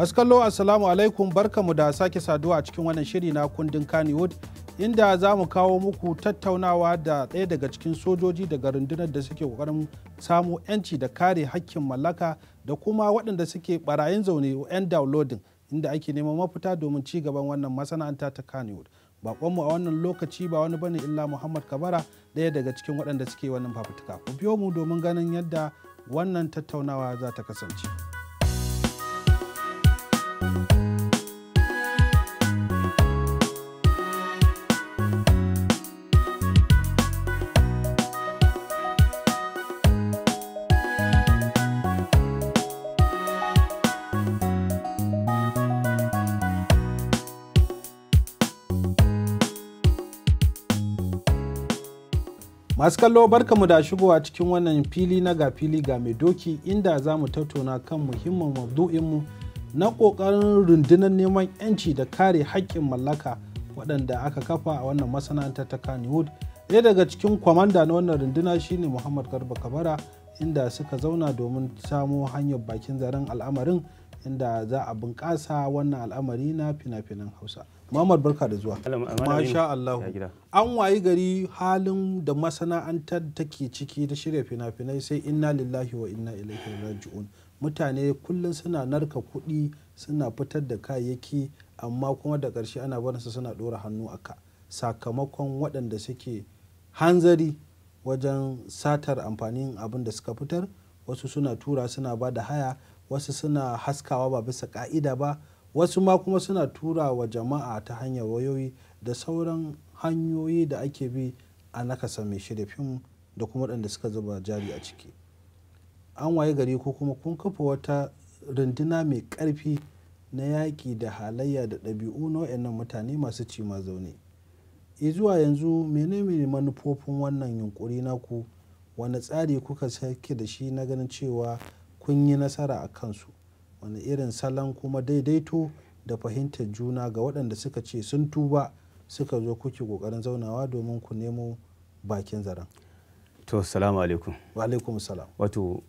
masu kallo assalamu alaikum barkamu da sake saduwa a cikin wannan shiri na kundin kaniwood inda za mu kawo muku tattaunawa da ɗaya daga cikin sojoji daga rundunar da suke kokarin samu 'yanci da kare hakkin mallaka da kuma waɗanda suke barayin zaune 'yan downloading inda ake neman mafita domin ci gaban wannan masana'anta ta kaniwood bakonmu a wannan lokaci ba wani bane illa muhammad kabara ɗaya daga cikin waɗanda suke wannan fafutuka ku biyo mu domin ganin yadda wannan tattaunawa za ta kasance. masu kallo mu da shigowa cikin wannan fili na ga fili ga mai doki inda za mu tattauna kan muhimmin mabdu'inmu na kokarin rundunar neman 'yanci da kare haƙƙin mallaka waɗanda aka kafa a wannan masana'antar ta kanewood ɗaya daga cikin kwamanda na wannan runduna shine muhammad garba kabara inda suka zauna domin samo hanyar bakin zaren al'amarin inda za a bunƙasa wannan al'amari na fina-finan hausa Muhammad barka da zuwa. Masha Allah. An wayi gari halin da masana'antar take ciki ta shirya fina-finai sai inna lillahi wa inna ilaihi raji'un. Mutane kullum suna narka kuɗi suna fitar da kayayyaki amma kuma da ƙarshe ana barinsa suna ɗora hannu a ka sakamakon waɗanda suke hanzari wajen satar amfanin abin da suka fitar wasu suna tura suna ba da haya wasu suna haskawa ba bisa ka'ida ba wasu ma kuma suna tura wa jama'a ta hanyar wayoyi da sauran hanyoyi da ake bi a nakasa mai shirya fim da kuma waɗanda suka zuba jari a ciki an waye gari ko kuma kun kafa wata runduna mai ƙarfi na yaƙi da halayya da ɗabi'u na wayannan mutane masu ci zaune zuwa yanzu menene manufofin wannan yunƙuri naku wani tsari kuka sake da shi na ganin cewa kun yi nasara a kansu wani irin salon kuma daidaito da fahimtar juna ga waɗanda suka ce sun tuba suka zo kuke kokarin zaunawa domin ku nemo bakin zaren. To, salamu alaikum. Wa alaikum salam. Wato,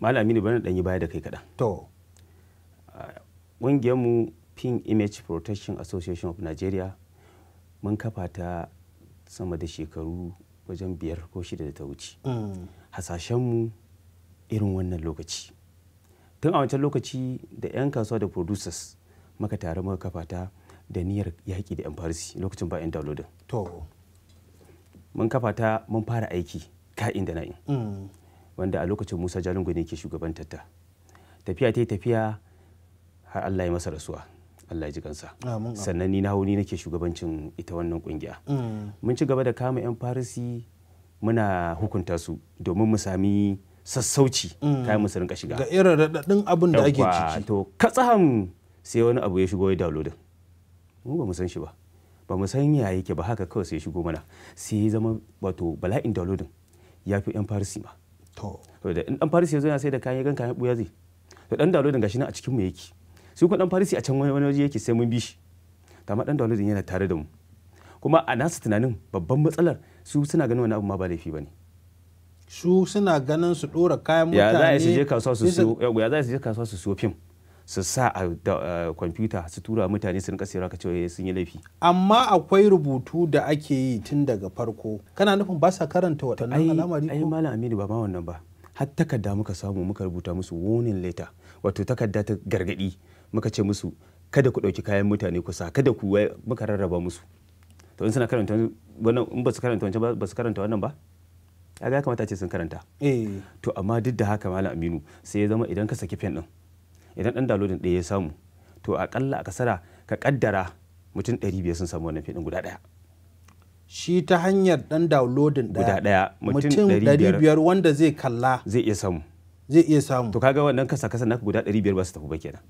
Malam Aminu bana ɗanyi baya da kai kaɗan. To. Ah, Ƙungiyarmu Pin Image Protection Association of Nigeria mun kafa ta sama da shekaru wajen biyar ko shida da ta wuce. Mm. Hasashenmu irin wannan lokaci. tun a wancan lokaci da 'yan kasuwa da producers maka tare maka kafata da niyyar yaƙi da 'yan farisi lokacin bayan downloadin to mun kafata mun fara aiki ka'in da na'in mm. wanda a lokacin musa jalingo ne ke shugaban tatta tafiya ta yi tafiya har allah ya masa rasuwa allah ya ji kansa sannan ni na hau ni nake shugabancin ita wannan kungiya mm. mun ci gaba da kama 'yan farisi muna hukunta su domin mu sami sassauci mm. kayan musu rinka shiga ga irin raɗaɗin abin da ake ciki to katsahan sai wani abu ya shigo ya downloadin mu ba mu san shi ba ba mu san ya yake ba haka kawai sai ya shigo mana sai ya zama wato bala'in downloadin ya fi yan farisi ma to da in dan farisi ya zo yana sai da kayan gan kayan buya zai to dan downloadin gashi nan a cikin mu yake su kuma dan farisi a can wani waje yake sai mun bi shi amma dan downloadin yana tare da mu kuma a nasu tunanin babban matsalar su suna ganin wani abu ma ba laifi ba ne su suna ganin su dora kayan mutane ya za a su je kasuwa su siyo ya za su je kasuwa su siyo fim su sa a kwamfuta su tura mutane su rinka sayarwa ce sun yi laifi amma akwai rubutu da ake yi tun daga farko kana nufin ba sa karanta watannan al'amari ko ai malam Aminu ba ma wannan ba har takarda muka samu muka rubuta musu warning letter wato takarda ta gargadi muka ce musu kada ku ɗauki kayan mutane kusa kada ku muka rarraba musu to in suna karanta wannan in ba su karanta wancan ba su karanta wannan ba ya ya kamata ce sun karanta eh. to amma duk da haka malam aminu sai ya zama idan ka saki fen din idan dan dalolin ɗaya ya samu to akalla a kasara ka kaddara mutum 500 sun samu wannan fen din guda daya shi ta hanyar dan downloadin guda daya mutum 500 wanda zai kalla zai iya samu zai iya samu to kaga wannan kasa kasa naka guda 500 ba su tafi ba kenan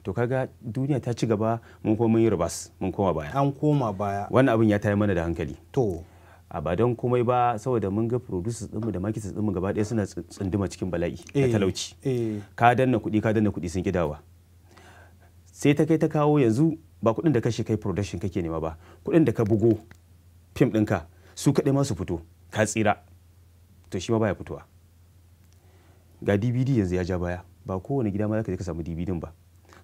to kaga duniya ta ci gaba mun kuma mun yi rubas mun koma baya an koma baya wannan abin ya tayi mana da hankali to a ba don komai ba saboda mun ga producers dinmu da marketers dinmu gaba ɗaya suna tsunduma cikin bala'i da eh, talauci eh. ka danna kuɗi ka danna kuɗi sun gidawa sai ta kai ta kawo yanzu ba kuɗin da kashe kai production kake nema ba kuɗin da ka bugo fim ɗinka su kaɗai ma su fito ka tsira to shi ma baya fitowa ga dvd yanzu ya ja baya ba kowane gida ma ka je ka samu dvd ba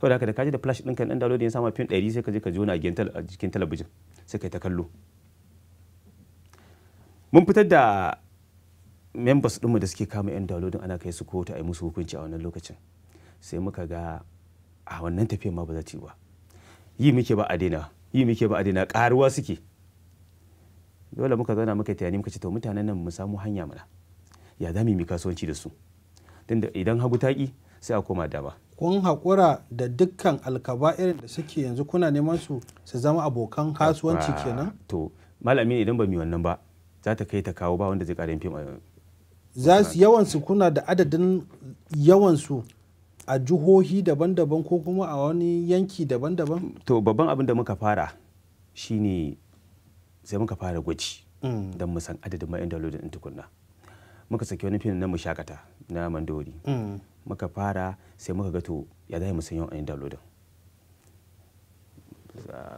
saboda haka da ka je da flash ɗinka ɗan download ya sama fim ɗari sai ka je ka jona a jikin talabijin sai kai ta kallo mun fitar da members ɗinmu da suke kama 'yan dalodin ana kai su kotu a yi musu hukunci a wannan lokacin sai muka ga a wannan tafiyar ma ba za ta yi ba yi muke ba a daina yi muke ba a daina karuwa suke dole muka zauna muka tunani muka ce to mutanen nan mu samu hanya mana ya za mu yi kasuwanci da su don idan hagu taƙi sai a koma dama kun haƙura da dukkan alkaba irin da suke yanzu kuna neman su su zama abokan kasuwanci kenan to malami idan ba mu yi wannan ba za ta kai ta kawo ba wanda zai ƙara yin fim a za su yawansu kuna da adadin yawansu a jihohi daban-daban ko kuma a wani yanki daban-daban to babban abin da muka fara shine sai muka fara gwaji mm. don mu san adadin mai dalolin in tukunna muka saki wani fim na mushakata na mandori mm. muka fara sai muka ga to ya zai mu san yawan ayin dalolin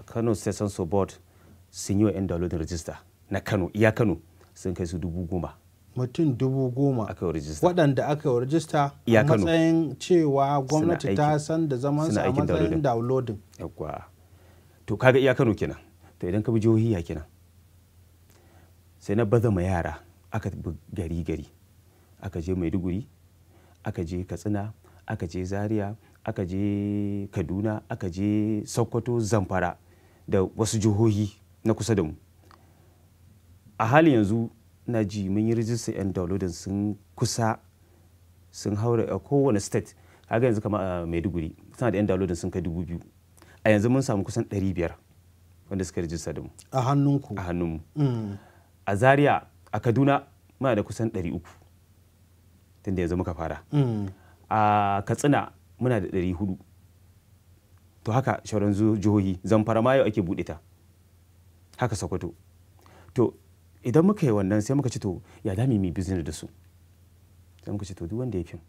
kano state census board sun yi wa 'yan dalolin rajista na kano iya kano sun kai su dubu goma mutum dubu goma waɗanda aka yi rajista a matsayin cewa gwamnati ta san da zaman a matsayin downloading to kaga iya kano kenan to idan ka bi jihohi ya kenan sai na baza ma yara aka bi gari gari aka je maiduguri aka je katsina aka je zaria aka je kaduna aka je sokoto zamfara da wasu jihohi na kusa da mu a halin yanzu na ji mun yi rijista 'yan downloading sun kusa sun haura a kowane state haka yanzu kama a ah, maiduguri suna da 'yan downloading sun kai dubu biyu a yanzu mun samu kusan 500 wanda suka rijista da mu a hannunku a hannunmu mm. a zaria a kaduna muna da kusan 300 tunda yanzu muka fara mm. a katsina muna da 400 to haka shauran jihohi zamfara ma yau ake buɗe ta haka sokoto to idan muka yi wannan sai muka ci to ya dami mai business da su sai muka ci to duk wanda ya fim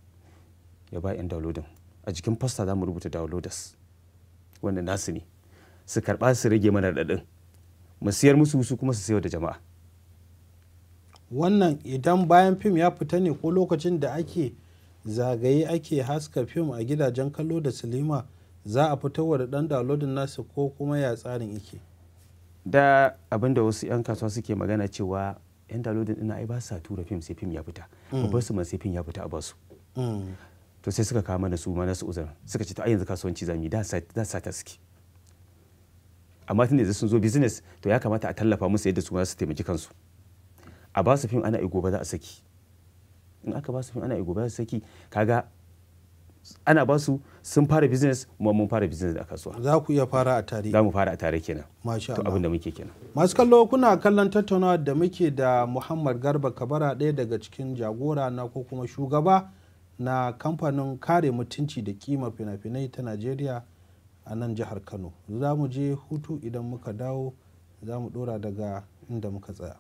ya ba 'yan downloading a jikin fasta za mu rubuta downloaders wanda nasu ne su karba su rage mana raɗaɗin mu siyar musu su kuma su siyar da jama'a wannan idan bayan fim ya fita ne ko lokacin da ake zagaye ake haska fim a gidajen kallo da silima za a fitowa da ɗan downloading nasu ko kuma ya tsarin yake da abin da wasu 'yan kasuwa suke magana cewa 'yan dalodin ina ai ba sa tura fim sai fim ya fita babbar mm. su man sai fim ya fita a basu mm. to sai suka kama da su ma nasu uzurin suka ce to ai yanzu kasuwanci zamu yi da sa ta suke amma tun da sun zo business to ya kamata a tallafa musu yadda su ma su taimaki kansu a ba su fim ana igo za a saki in aka ba su fim ana igo za a saki kaga ana ba su sun fara business mu mun fara business da kasuwa za ku iya fara a tare za mu fara a tare kenan masha Allah abin da muke kenan masu kallo kuna kallon tattaunawa da muke da Muhammad Garba Kabara ɗaya daga cikin jagora na ko kuma shugaba na kamfanin kare mutunci da kima fina-finai ta Najeriya a nan jihar Kano za mu je hutu idan muka dawo za mu dora daga inda muka tsaya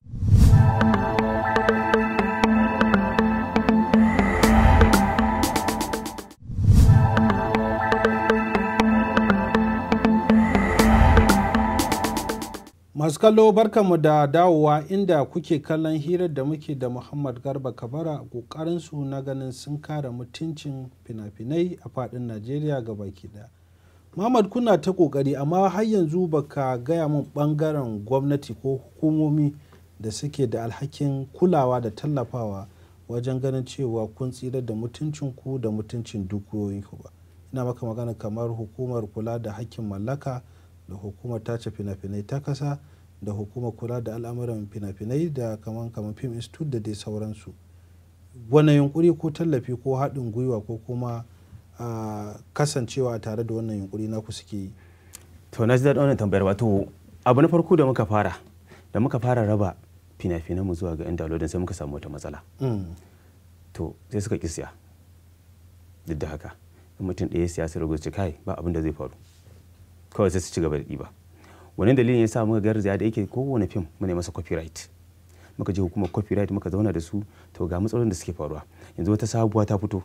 masu kallo barkanmu da dawowa inda kuke kallon hirar da muke da muhammad garba kabara su na ganin sun kare mutuncin fina-finai a faɗin najeriya ga baki ɗaya muhammad kuna ta ƙoƙari amma har yanzu baka gaya min ɓangaren gwamnati ko hukumomi da suke da alhakin kulawa da tallafawa wajen ganin cewa kun tsira da mutuncin ku da mutuncin dukiyoyinku ba ina maka magana kamar hukumar kula da hakkin mallaka da hukumar tace fina-finai ta kasa da hukumar kula da al'amuran fina-finai da kaman kaman film institute da dai sauransu wannan yunkuri ko tallafi ko haɗin gwiwa ko kuma kasancewa tare da wannan yunkuri na ku suke yi to na ji daɗin wannan tambayar wato abu na farko da muka fara da muka fara raba fina-finan mu zuwa ga 'yan dalodin sai muka samu wata matsala mm. to sai suka ƙi siya duk da haka mutum ɗaya siyasar rubuce kai ba abin da zai faru kawai sai su ci gaba da ɗiba wani dalilin ya sa muka garzaya da yake kowane fim muna masa copyright muka je hukumar copyright muka zauna da su to ga matsalolin da suke faruwa yanzu wata sabuwa ta fito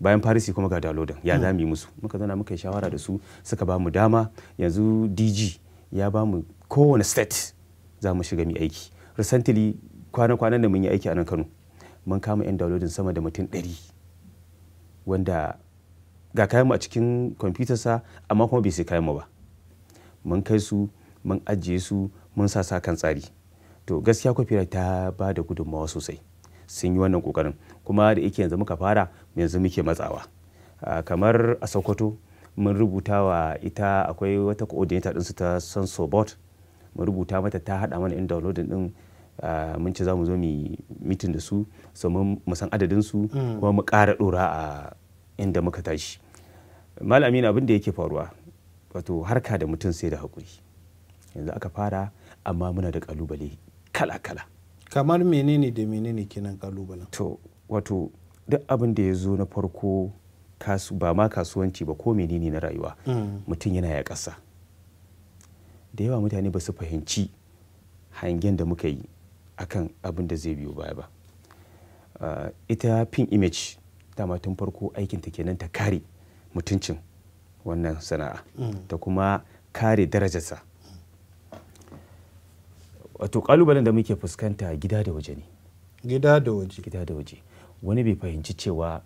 bayan farisi kuma ga downloading ya zami musu muka zauna muka yi shawara da su suka ba mu dama yanzu dg ya ba mu kowane state za mu shiga mu aiki recently kwana-kwanan da mun yi aiki a nan kano mun kama 'yan dalodin sama da mutum 100 wanda ga mu a cikin sa amma kuma bai sai mu ba mun kai su mun ajiye su mun sa sa kan tsari to gaskiya copyright ta ba da gudunmawa sosai sun yi wannan kokarin kuma da yake yanzu muka fara yanzu muke matsawa kamar a sokoto mun rubuta wa ita akwai wata coordinator su ta sobot mun rubuta mata ta haɗa mana in downloading ɗin mun ce za mu zo mu meeting da su mu san adadin su mm. kuma mu ƙara ɗora a inda muka tashi malami abin da yake faruwa wato harka da mutum sai da haƙuri yanzu aka fara amma muna da kalubale kala-kala kamar menene da menene kenan kalubalen to wato duk abin da ya zo na farko ba ma kasuwanci ba ko menene na rayuwa mm. mutum yana ya ƙasa da yawa mutane ba su fahimci hangen da muka yi akan abin da zai biyo baya ba ah, ita pin image dama tun farko aikinta kenan ta kare mutuncin wannan sana'a mm. da kuma kare darajarsa wato kalubalen da muke fuskanta gida da waje ne gida da waje gida da waje wani bai fahimci cewa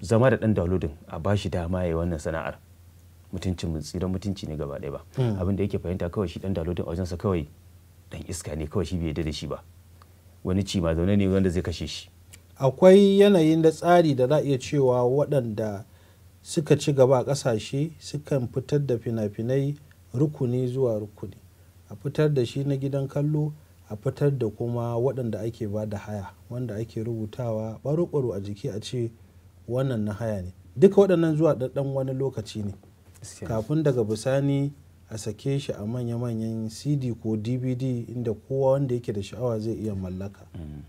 zama da dan dalodin a bashi dama ya wannan sana'ar mutuncin tsiran mutunci ne gaba ɗaya ba mm. abin da yake fahimta kawai shi dan dalodin a wajensa kawai dan iska ne kawai shi bai yarda da shi ba wani ci ma zaune ne wanda zai kashe shi akwai yanayin da tsari da za iya cewa waɗanda suka ci gaba a ƙasashe sukan fitar da fina-finai rukuni zuwa rukuni a fitar da shi na gidan kallo a fitar da kuma waɗanda ake ba da haya wanda ake rubutawa ɓaro-ɓaro a jiki a ce wannan na haya ne duka waɗannan zuwa ɗaɗɗan wani lokaci ne kafin daga bisani a sake shi a manya-manyan cd ko dvd inda kowa wanda yake da sha'awa zai iya mallaka mm.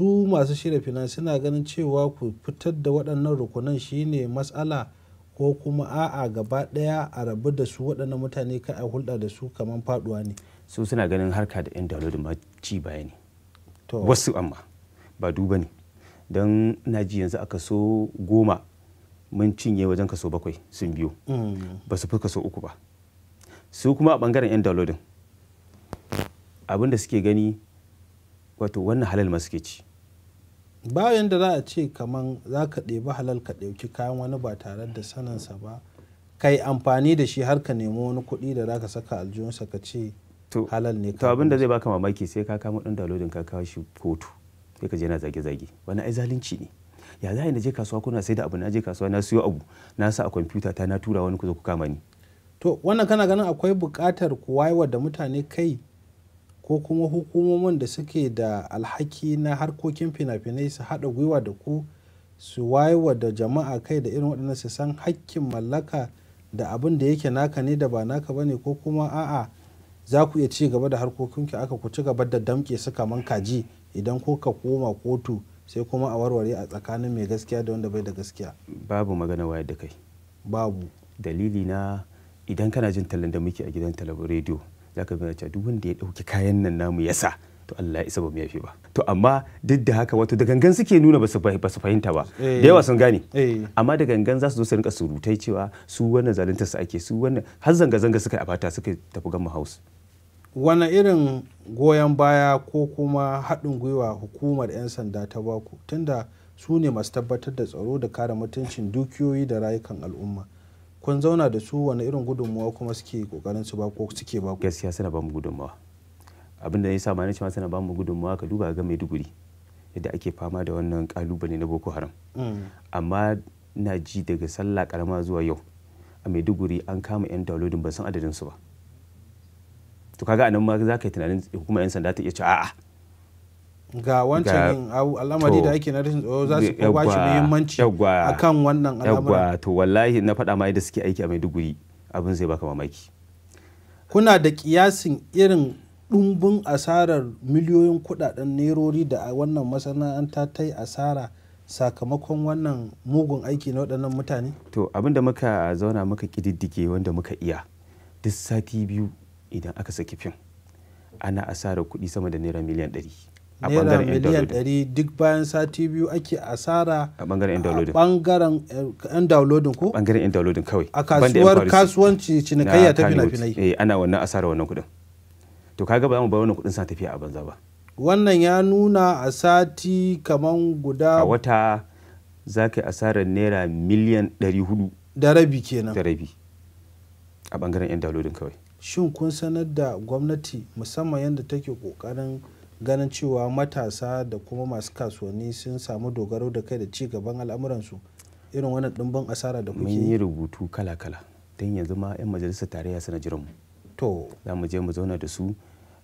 su masu shirya finan suna ganin cewa ku fitar da waɗannan rukunan shine matsala ko kuma a'a gaba ɗaya a rabu da su waɗannan mutane ka a hulɗa da su kamar faɗuwa ne su suna ganin harka da 'yan dalo da ci baya ne wasu amma ba duba ne don naji yanzu a kaso goma mun cinye wajen kaso bakwai sun biyo mm. ba su fi kaso uku ba su kuma a bangaren 'yan dalodin abinda suke gani wato wannan halal ma suke ci bayan da za a ce kaman za ka ɗebi halal ka ɗauki kayan wani ba tare da saninsa ba kai amfani da shi har ka nemi wani kuɗi da za ka saka aljihunsa ka ce halal ne to abin da zai baka mamaki sai ka kama ɗan dalodin ka kawo shi kotu sai ka je na zage-zage wani ai zalunci ne ya za na je kasuwa kuna sai da abu na je kasuwa na siyo abu na sa a kwamfuta ta na tura wani ku zo ku kama ni to wannan kana ganin akwai bukatar ku wayewa da mutane kai ko kuma hukumomin da suke da alhaki na harkokin fina-finai su haɗa gwiwa da ku su wayewa da jama'a kai da irin waɗannan su san hakkin mallaka da abin da yake naka ne da ba naka bane ko kuma a'a za ku iya ci gaba da harkokin ku aka ku ci gaba da damƙe su kaman kaji idan ko ka koma kotu sai kuma a warware a tsakanin mai gaskiya da wanda bai da gaskiya babu magana wayar da kai babu dalili na idan kana jin tallan da muke a gidan talabijin rediyo za ka duk wanda ya ɗauki kayan nan namu ya sa to Allah ya isa ba mu yafe ba to amma duk da haka wato da gangan suke nuna ba su fahimta ba da eh. yawa sun gane eh. amma da gangan za su zo su rinka surutai cewa su wannan zalunta su ake su wannan har zanga zanga suka a bata suka tafi gama house wani irin goyon baya ko kuma haɗin gwiwa hukumar 'yan sanda ta baku tunda su ne masu tabbatar da tsaro da kare mutuncin dukiyoyi da rayukan al'umma kun zauna da su wani irin gudunmawa kuma suke kokarin su ba ko suke ba gaskiya suna bamu mu gudunmawa abin da ya sa mana cewa suna bamu gudunmawa ka duba ga Maiduguri yadda ake fama da wannan kalubale na Boko Haram mm. amma na ji daga sallah karama zuwa yau a Maiduguri an kama yan downloading ba san adadin su ba to kaga anan ma za ka yi tunanin hukumar yan sanda ta iya ce a'a ga wancan al'amari da ake na rashin tsoro za su ba shi muhimmanci a kan wannan al'amari to wallahi na faɗa ma yadda suke aiki a Maiduguri abin zai baka mamaki kuna da kiyasin irin ɗumbin asarar miliyoyin kuɗaɗen nerori da wannan masana'anta ta yi asara sakamakon wannan mugun aiki na waɗannan mutane? To abin da muka zauna muka ƙididdige wanda muka iya duk sati biyu idan aka saki fim ana asarar kuɗi sama da naira miliyan ɗari. naira miliyan 100 duk bayan sati biyu ake asara a bangaren yan downloading bangaren eh, yan downloading ko bangaren yan downloading kawai a kasuwar kasuwanci cinikayya ta fina-finai eh ana wannan asara wannan kudin to kaga ba za mu bar wannan kudin sa tafiya a banza ba wannan ya nuna a sati kaman guda a wata za ka yi asarar naira miliyan 400 da rabi kenan da rabi a bangaren yan downloading kawai shin kun sanar da gwamnati musamman yadda take kokarin ganin cewa matasa da kuma masu kasuwanni sun samu dogaro da kai da ci gaban al'amuransu irin wannan dimbin asara da kuke mun yi rubutu kala-kala don yanzu ma 'yan majalisar tarayya suna jiran mu to za mu je mu zauna da su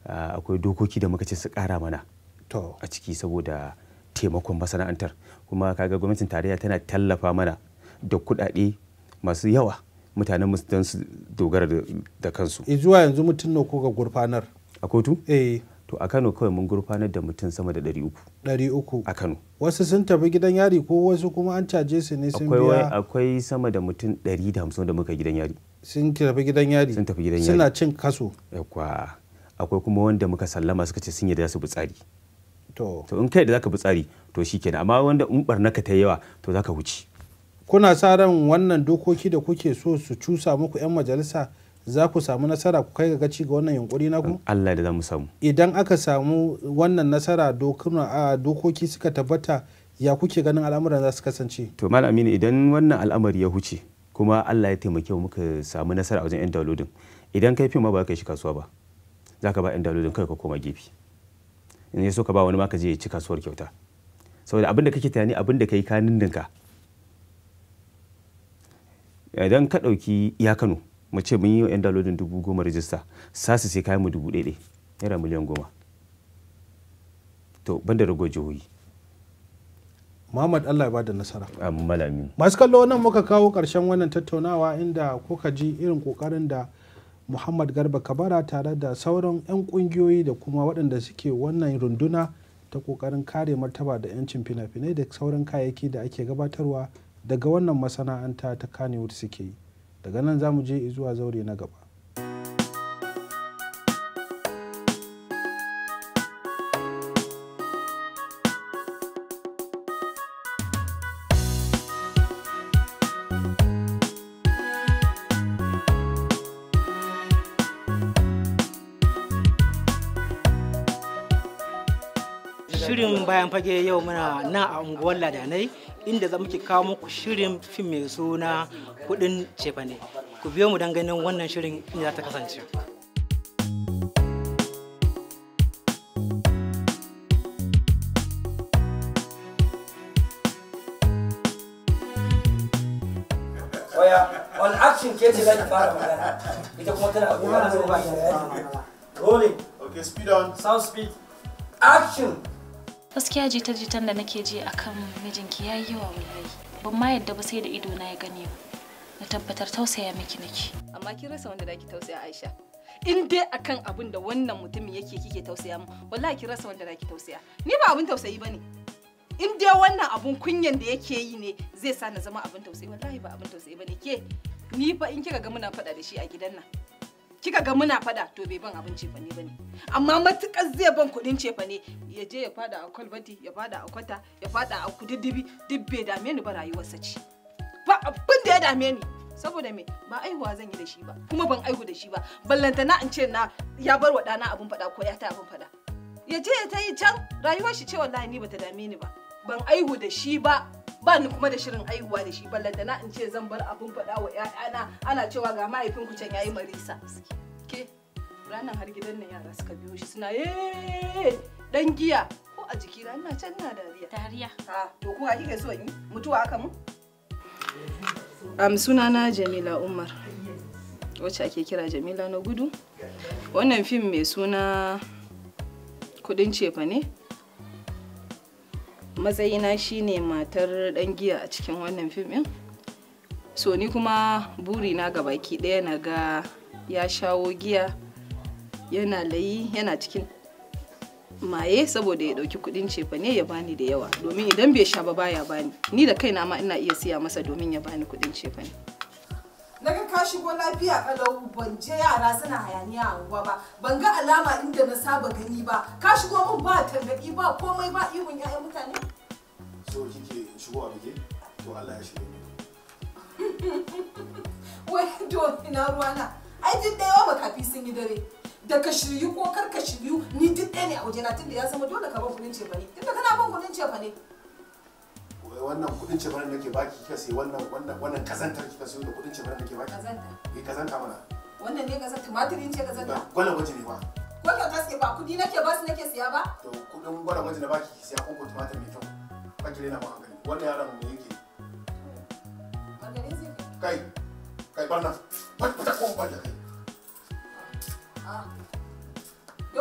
akwai dokoki da muka ce su kara mana to a ciki saboda taimakon masana'antar kuma kaga gwamnatin tarayya tana tallafa mana da kuɗaɗe masu yawa mutanen don su dogara da kansu. zuwa yanzu mutum ne ko ga gurfanar. A kotu? Eh. to a kano kawai mun gurfanar da mutum sama da 300 a kano wasu sun tafi gidan yari ko wasu kuma an caje su ne sun biya akwai sama da mutum 150 da muka gidan yari sun tafi gidan yari sun tafi gidan yari suna cin kaso yakwa akwai kuma wanda muka sallama suka ce sun yarda su bi tsari to in kai da zaka bi tsari to shikenan amma wanda in barnaka ta yawa to zaka wuce. kuna sa ran wannan dokoki da kuke so su cusa muku yan majalisa za ku samu nasara ku kai ga ci ga wannan yunkuri na ku Allah da mu samu idan aka samu wannan nasara dokoki suka tabbata ya kuke ganin al'amuran za su kasance to mal aminu idan wannan al'amari ya huce kuma Allah ya taimake mu muka samu nasara a wajen yan downloading idan kai fim ma ba ka shi kasuwa ba za ka ba yan downloading kai ka koma gefe in ya so ka ba wani ma ka je ya ci kasuwar kyauta saboda abinda kake tunani abin da kai ka nindinka idan ka ɗauki iya kano mu ce mun yi wa 'yan dalolin dubu goma rijista sasu sai kayan mu dubu ɗaya naira miliyan goma to banda rago jihohi Muhammad Allah ya da nasara. Amin. Masu kallo nan muka kawo ƙarshen wannan tattaunawa inda kuka ji irin ƙoƙarin da Muhammad Garba Kabara tare da sauran 'yan ƙungiyoyi da kuma waɗanda suke wannan runduna ta ƙoƙarin kare martaba da 'yancin fina-finai da sauran kayayyaki da ake gabatarwa daga wannan masana'anta ta Kannywood suke yi. daga nan za mu je zuwa zaure na gaba bayan fage yau muna nan a unguwar ladanai inda za muke kawo muku shirin fim mai suna kudin cefane ku biyo mu don ganin wannan shirin inda za ta kasance waya on action ke ce zaki fara magana ita kuma tana abubuwa na zai ba shi dole okay speed on sound speed action gaskiya jita-jitan da nake ji akan mijinki yayi yawa wallahi ban ma yadda ba sai da ido na ya gane ba na tabbatar tausaya miki nake amma kin rasa wanda zaki tausaya Aisha in dai akan abin da wannan mutumin yake kike tausaya mu wallahi kin rasa wanda zaki tausaya ni ba abin tausayi bane in dai wannan abun kunyan da yake yi ne zai sa na zama abin tausayi wallahi ba abin tausayi bane ke ni fa in kika ga muna fada da shi a gidan nan kika ga muna fada to bai ban abin cefane bane amma matukar zai ban kudin cefane ya je ya fada a kwalbati ya fada a kwata ya fada a kududdubi duk bai dame ni ba rayuwarsa ci. ba abin da ya dame ni saboda me ba aihuwa zan yi da shi ba kuma ban aihu da shi ba ballantana in ce na ya bar wa ɗana abin fada ko ya ta abin fada ya je ya ta can rayuwar shi ce wallahi ni ta dame ni ba ban aihu da shi ba ba ni kuma da shirin aihuwa da shi na in ce zan bar abin faɗa wa 'ya'yana ana cewa ga mahaifin ku can yayi marisa ke ranar har gidan nan yara suka biyo shi suna eh dan giya ko a jiki na ina can na dariya dariya ha ah, to ko kike so ni mutuwa aka mu am sunana Jamila Umar wacce ake kira Jamila na gudu wannan fim mai suna kudin cefa ne matsayina shine matar dan giya a cikin wannan fim ɗin so ni kuma burina ga baki ɗaya na ga ya shawo giya yana layi yana cikin maye saboda ya ɗauki kuɗin cefa ne ya bani da yawa domin idan bai sha ba baya bani ni da kaina ma ina iya siya masa domin ya bani kuɗin cefa ne daga ka shigo lafiya kalau ban je yara suna hayaniya a unguwa ba ban ga alama inda na saba gani ba ka shigo mun ba tangadi ba komai ba ihun ƴaƴan mutane so kike shigo a bige to Allah ya shige wai to ina ruwana ai duk ɗaya makafi sun yi dare da ka shiryu ko kar ka shiryu ni duk ɗaya ne a wajena tunda ya zama dole ka ban kuɗin cefane tunda kana ban kuɗin cefane wannan kudin cefanen da nake baki kika sai wannan wannan wannan kazanta kika sai da kudin cefanen da nake baki kazanta eh kazanta mana wannan ne kazanta tumatirin ce kazanta gwala gwaji ne ba gwala gaske ba kudi nake ba su nake siya ba to kudin gwala gwaji na baki siya ko tumatir mai kyau baki ne na ba hankali wannan yaron mu yake kai kai barna wata ko da kai ah.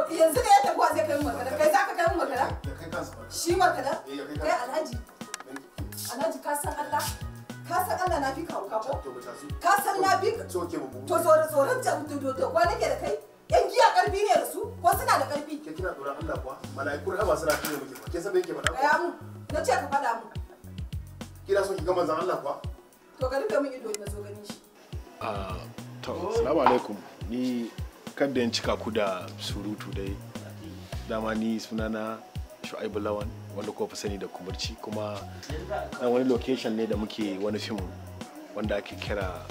yanzu da ya tafi zai kai mu makara kai za ka kai mu makara shi makara eh, kai alhaji Alhaji ka san Allah? Ka san Allah na fi ka hauka ko? Ka san na fi To tsoron tsoron ta da kwa ke da kai? Yan giya karfi ne da su ko suna da karfi? Ke kina tsoron Allah kuwa? Mala'ikun haba suna kare muke ba. Ke san me yake faɗa? Gaya mu. Na ce ka faɗa mu. Kina so ki ga manzon Allah kuwa? To ka rufe min ido na zo ganin shi. Ah, to, assalamu alaikum. Ni kada in cika ku da surutu dai. Dama ni sunana Shu'aibu Lawan. wanda kuma fi sani da kumurci kuma ɗan wani location ne da muke wani fim wanda ake kira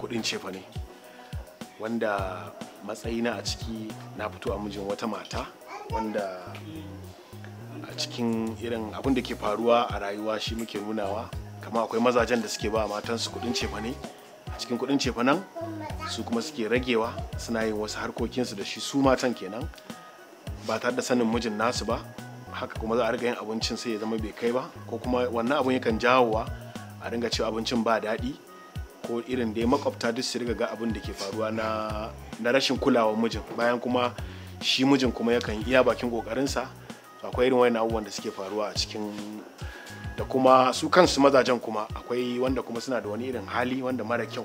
kudin cefa ne wanda matsayina a ciki na fito a mijin wata mata wanda a cikin irin abin da ke faruwa a rayuwa shi muke nunawa kama akwai mazajen da suke ba matansu kudin cefa ne a cikin kudin cefa nan su kuma suke ragewa suna yin wasu harkokinsu da shi su matan kenan ba tare da sanin mijin nasu ba haka kuma za a riga yin abincin sai ya zama bai kai ba ko kuma wannan abun yakan jawowa a ringa cewa abincin ba daɗi ko irin dai makwabta duk su riga ga abin da ke faruwa na rashin kulawa mijin bayan kuma shi mijin kuma yakan iya bakin kokarinsa akwai irin wani abubuwan da suke faruwa a cikin da kuma su kansu mazajen kuma akwai wanda kuma suna da wani irin hali wanda mara kyau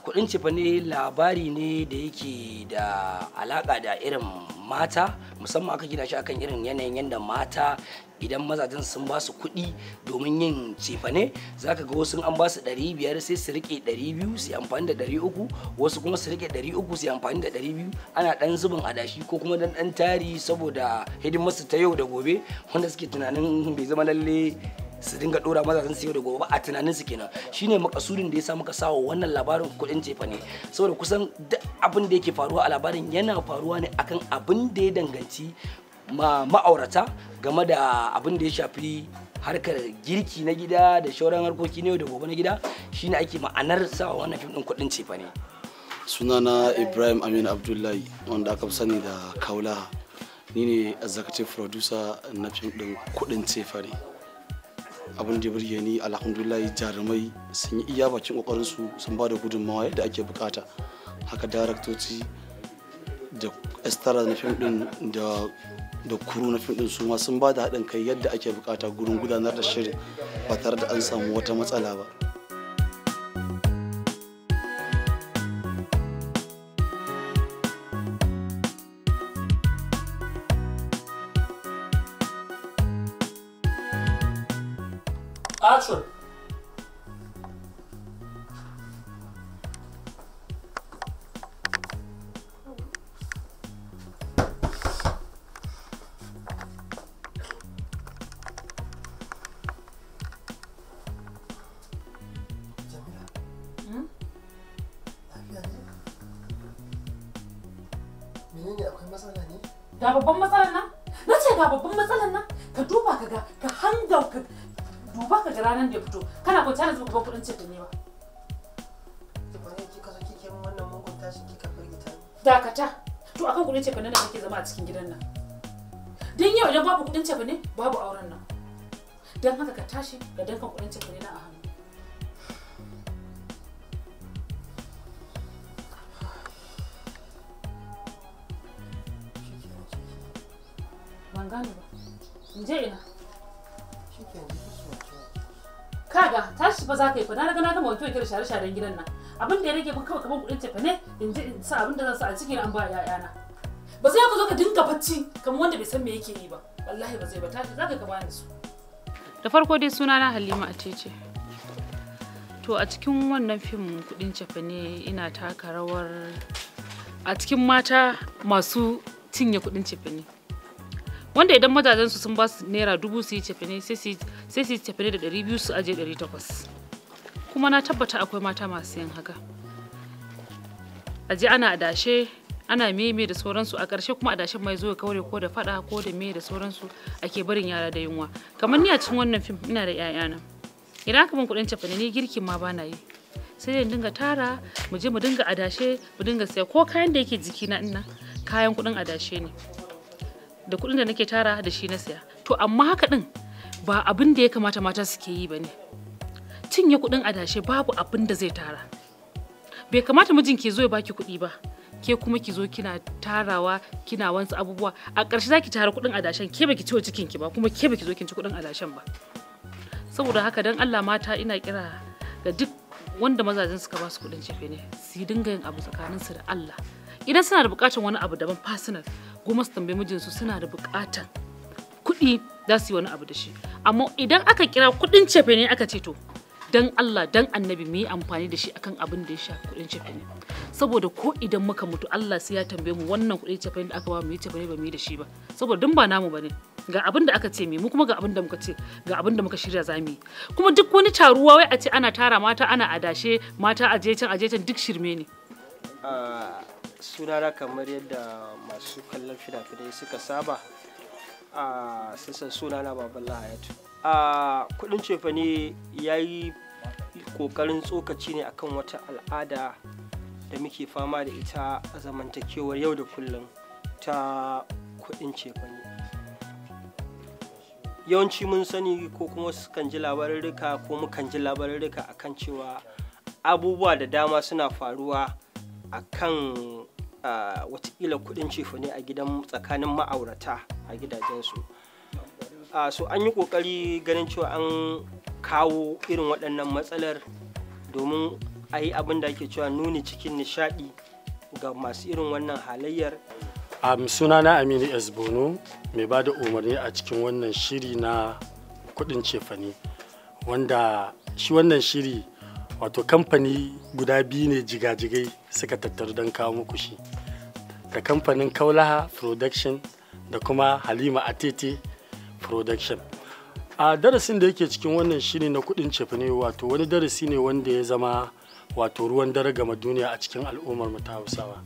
kudin cifa ne labari ne da yake da alaka da irin mata musamman aka gina shi akan irin yanayin yadda mata idan mazajen sun ba su kuɗi domin yin cefane za ka ga wasu an ba su ɗari biyar sai su rike ɗari biyu su amfani da ɗari wasu kuma su rike ɗari uku su amfani da ɗari ana ɗan zubin adashi ko kuma dan dan tari saboda hidimarsu ta yau da gobe wanda suke tunanin bai zama lalle su dinga dora mazajen su yau da gobe a tunanin su kenan shine makasudin da ya sa muka sawa wannan labarin kudin jefa ne saboda kusan duk abin da yake faruwa a labarin yana faruwa ne akan abin da ya danganci ma'aurata game da abin da ya shafi harkar girki na gida da shauran harkoki na yau da gobe na gida shine ake ma'anar sa wannan fim din kudin cefa ne sunana ibrahim aminu abdullahi wanda aka sani da kaula ni ne executive producer na fim din kudin cefa ne abin da burge ni alhamdulillah jarumai sun yi iya bakin kokarin su sun ba da gudunmawa yadda ake bukata haka daraktoci da estara na fim din da da kuru na fim din su ma sun ba da haɗin kai yadda ake bukata gurin gudanar da shirin ba tare da an samu wata matsala ba. acha cikin gidan nan don yau idan babu kudin cefane babu auren nan don haka ka tashi da dankan kudin cefane na a hannu ban gane ba in je ina kaga tashi ba za ka yi fa na riga na gama wanke wanke da share-sharen gidan nan abin da ya rage min kawai kaman kudin cefane ne in sa abin da zan sa a cikin an ba 'ya'yana. ba zai ka zo ka dinga bacci kamar wanda bai san me yake yi ba wallahi ba zai ba tashi zaka ga bani su da farko dai suna na Halima Acece to a cikin wannan fim kudin cefa ne ina taka rawar a cikin mata masu cinye kudin cefa ne wanda idan mazajen su sun ba su naira dubu su yi cefa ne sai su yi cefa ne da ɗari biyu su aje ɗari takwas kuma na tabbata akwai mata masu yin haka aje ana adashe ana meme da sauransu a ƙarshe kuma adashin mai zo ya kaure ko da fada ko da me da sauransu ake barin yara da yunwa kamar ni a cikin wannan fim ina da yayana idan aka min kuɗin cefane ni girkin ma bana yi sai dai dinga tara mu je mu dinga adashe mu dinga saya ko kayan da yake jikina ina kayan kuɗin adashe ne da kuɗin da nake tara da shi na saya to amma haka din ba abin da ya kamata mata suke yi ba ne cinye kuɗin adashe babu abin da zai tara bai kamata mijinki zo ya baki kuɗi ba ke kuma ki zo kina tarawa kina wansu abubuwa a ƙarshe za ki tara kuɗin adashen ke baki ciwo cikin ki ba kuma ke baki zo kin ci kuɗin adashen ba saboda haka dan Allah mata ina kira ga duk wanda mazajen suka ba su kuɗin cefe ne su dinga yin abu tsakanin su da Allah idan suna da buƙatar wani abu daban personal goma su tambayi mijinsu suna da buƙatar kuɗi za su yi wani abu da shi amma idan aka kira kuɗin cefe ne aka ce to dan Allah dan annabi mu yi amfani da shi akan abin da ya sha kudin cefane saboda ko idan muka mutu Allah sai ya tambaye mu wannan kudin cefane da aka ba mu yi cefane ba mu yi da shi ba saboda dun ba namu bane ga abin da aka ce mu mu kuma ga abin da muka ce ga abin da muka shirya zamu yi kuma duk wani taruwa wai a ce ana tara mata ana adashe mata a je can a je can duk shirme ne ah, sunana kamar yadda masu kallon fina-finai suka saba a sassan sunana baballa lahayatu a kudin cefa ne ya yi kokarin tsokaci ne akan wata al'ada da muke fama da ita a zamantakewar yau da kullum ta kudin cefa ne yawanci mun sani ko kuma sukan ji rika ko mu kan ji labarurruka akan cewa abubuwa da dama suna faruwa akan watakila kudin cefane a gidan tsakanin ma'aurata a gidajensu so an yi kokari ganin cewa an kawo irin waɗannan matsalar domin a yi abin da ake cewa nuni cikin nishaɗi ga masu irin wannan halayyar sunana aminu esbono mai ba da umarni a cikin wannan shiri na kudin cefane wanda shi wannan shiri wato kamfani guda biyu ne jigajigai suka tattaru don kawo muku shi da kamfanin kaulaha production da kuma halima atete production a darasin da yake cikin wannan shine na kudin cefane wato wani darasi ne wanda ya zama wato ruwan dare gama duniya a cikin al'ummar mu ta hausawa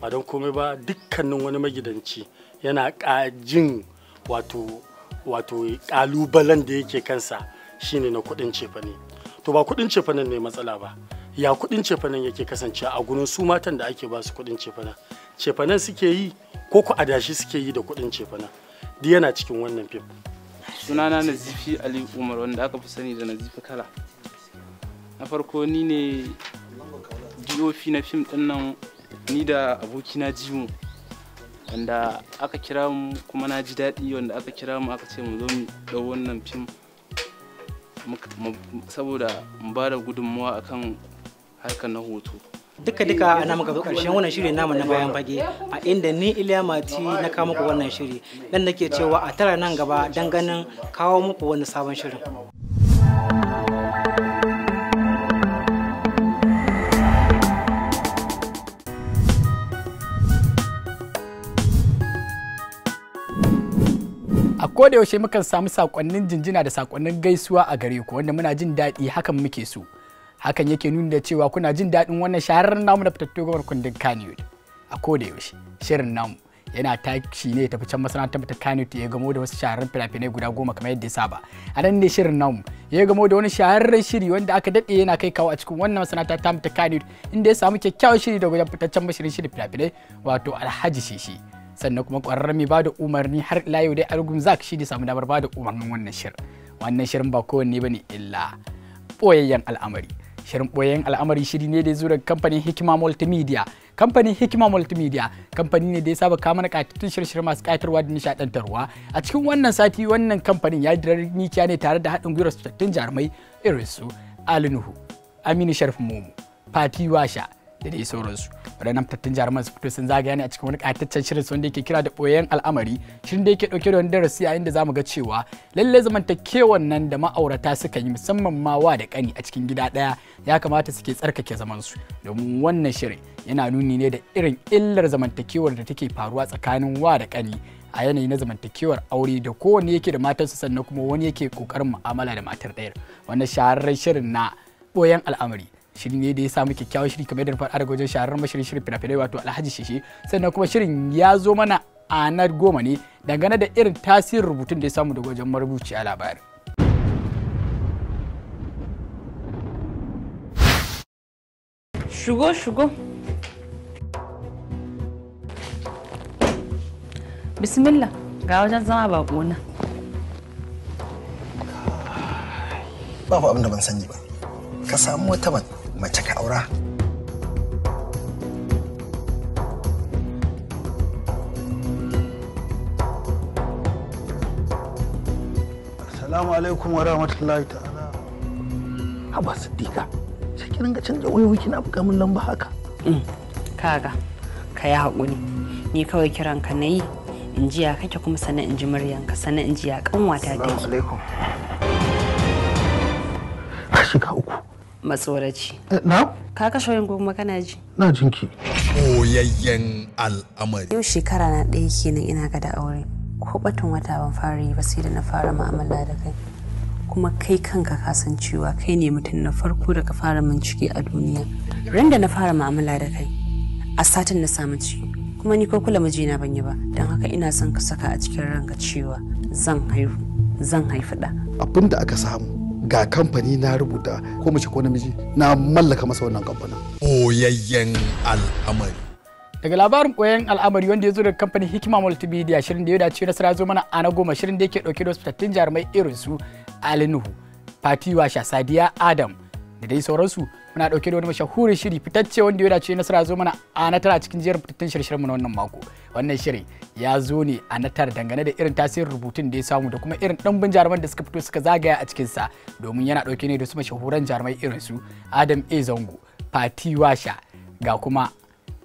ba don komai ba dukkanin wani magidanci yana kajin wato wato kalubalen da yake kansa shine na kudin cefane to ba kudin cefanen ne matsala ba ya kudin cefanen yake kasance a gurin su matan da ake ba su kuɗin cefanen cefanen suke yi ko ku adashi suke yi da kudin cefanen di yana cikin wannan fim sunana nazifi ali umar wanda aka fi sani da nazifi kala na farko ni ne dop na fim din nan ni da abokina jimu wanda aka kira mu kuma na ji daɗi wanda aka kira mu aka ce mu zo mu ɗau wannan fim saboda ba da gudunmawa akan harkar na hoto duka duka ana muka zo karshen wannan shirin namu na bayan bage a inda ni Iliya Mati na kawo muku wannan shiri dan nake cewa a tara nan gaba dan ganin kawo muku wani sabon shirin ko da yaushe mukan samu sakonnin jinjina da sakonnin gaisuwa a gare ku wanda muna jin daɗi hakan muke so hakan yake nuni da cewa kuna jin daɗin wannan shahararren namu na fitattu gabar kundin kaniyo a ko da yaushe shirin namu yana tashi ne tafi can masana'antar ta ta ya gamo da wasu shahararren fina-finai guda goma kamar yadda ya saba a nan ne shirin namu ya gamo da wani shahararren shiri wanda aka daɗe yana kai kawo a cikin wannan masana'anta ta Kannywood inda ya samu kyakkyawan shiri da gudan fitaccen mashirin shiri fina-finai wato Alhaji Shishi sannan kuma ƙwararren mai bada umarni har ila yau dai algum zak shi da samu damar bada umarnin wannan shirin wannan shirin ba kowanne ba ne illa boyayyen al'amari shirin boyayyen al'amari shiri ne da ya zura kamfanin hikima multimedia kamfanin hikima multimedia kamfani ne da ya saba kama na katattun shirye-shirye masu kayatarwa da nishaɗantarwa. a cikin wannan sati wannan kamfanin ya jirar nikiya ne tare da haɗin gwiwar fitattun jarumai irin su alinuhu aminu sharif momo fati washa da dai sauransu waɗannan fitattun jaruman su fito sun zagaya ne a cikin wani ƙataccen shirin wanda yake kira da ɓoyen al'amari shirin da yake ɗauke da wani darasi a inda zamu ga cewa lalle zamantakewan nan da ma'aurata suka yi musamman ma wa da ƙani a cikin gida ɗaya ya kamata suke tsarkake zaman su domin wannan shirin yana nuni ne da irin illar zamantakewar da take faruwa tsakanin wa da ƙani a yanayi na zamantakewar aure da kowane yake da matarsa sannan kuma wani yake kokarin mu'amala da matar ɗayar wannan shahararren shirin na ɓoyen al'amari shiri ne da ya samu kyakkyawan shiri kamar da faɗa daga wajen shahararren mashirin shirin fina-finai wato alhaji shishi sannan kuma shirin ya zo mana a na goma ne dangane da irin tasirin rubutun da ya samu daga wajen marubuci a labarin. Shugo shugo. Bismillah ga wajen zama baƙona. Babu abin da ban sani ba. Ka samu wata ban. mace ka aura Assalamu alaikum wa rahmatullahi ta'ala. Haba Siddiqa, sai ki ringa canza wayoyi kina buga min lamba haka. Mm. Kaga, ka yi haƙuri. Ni kawai kiran ka na yi, in ji kake kuma sannan in ji muryanka sannan in ji kanwata ta Assalamu alaikum. matsoraci. Eh, na? Ka kashe wayan kana ji? Na jinki. Koyayyen al'amari. Yau shekara na ɗaya kenan ina ga da aure. Ko batun wata ban fara yi ba sai da na fara ma'amala da kai. Kuma kai kanka ka san cewa kai ne mutum na farko da ka fara min ciki a duniya. randa na fara ma'amala da kai, a satin na samu ciki. Kuma ni ko kula mijina ban yi ba, don haka ina son ka saka a cikin ranka cewa zan haihu, zan haifi ɗa. Abin da aka samu ga kamfani na rubuta ko mace ko namiji na mallaka masa wannan kamfanin. Boyayyen al'amari. Daga labarin koyon al'amari wanda ya zo daga kamfanin Hikima Multimedia shirin da ya dace na zo mana a na goma shirin da yake dauke da fitattun jarumai irin su Ali Nuhu, Fatiwa Sadiya Adam da dai sauransu muna dauke da wani mashahuri shiri fitacce wanda ya dace nasara zo mana a na tara cikin jerin fitattun shirye mu na wannan mako wannan shirin ya zo ne a na tara dangane da irin tasirin rubutun da ya samu da kuma irin ɗanbin jaruman da suka fito suka zagaya a cikin sa domin yana dauke ne da su mashahuran jarumai irin su Adam A Zango Fati Washa ga kuma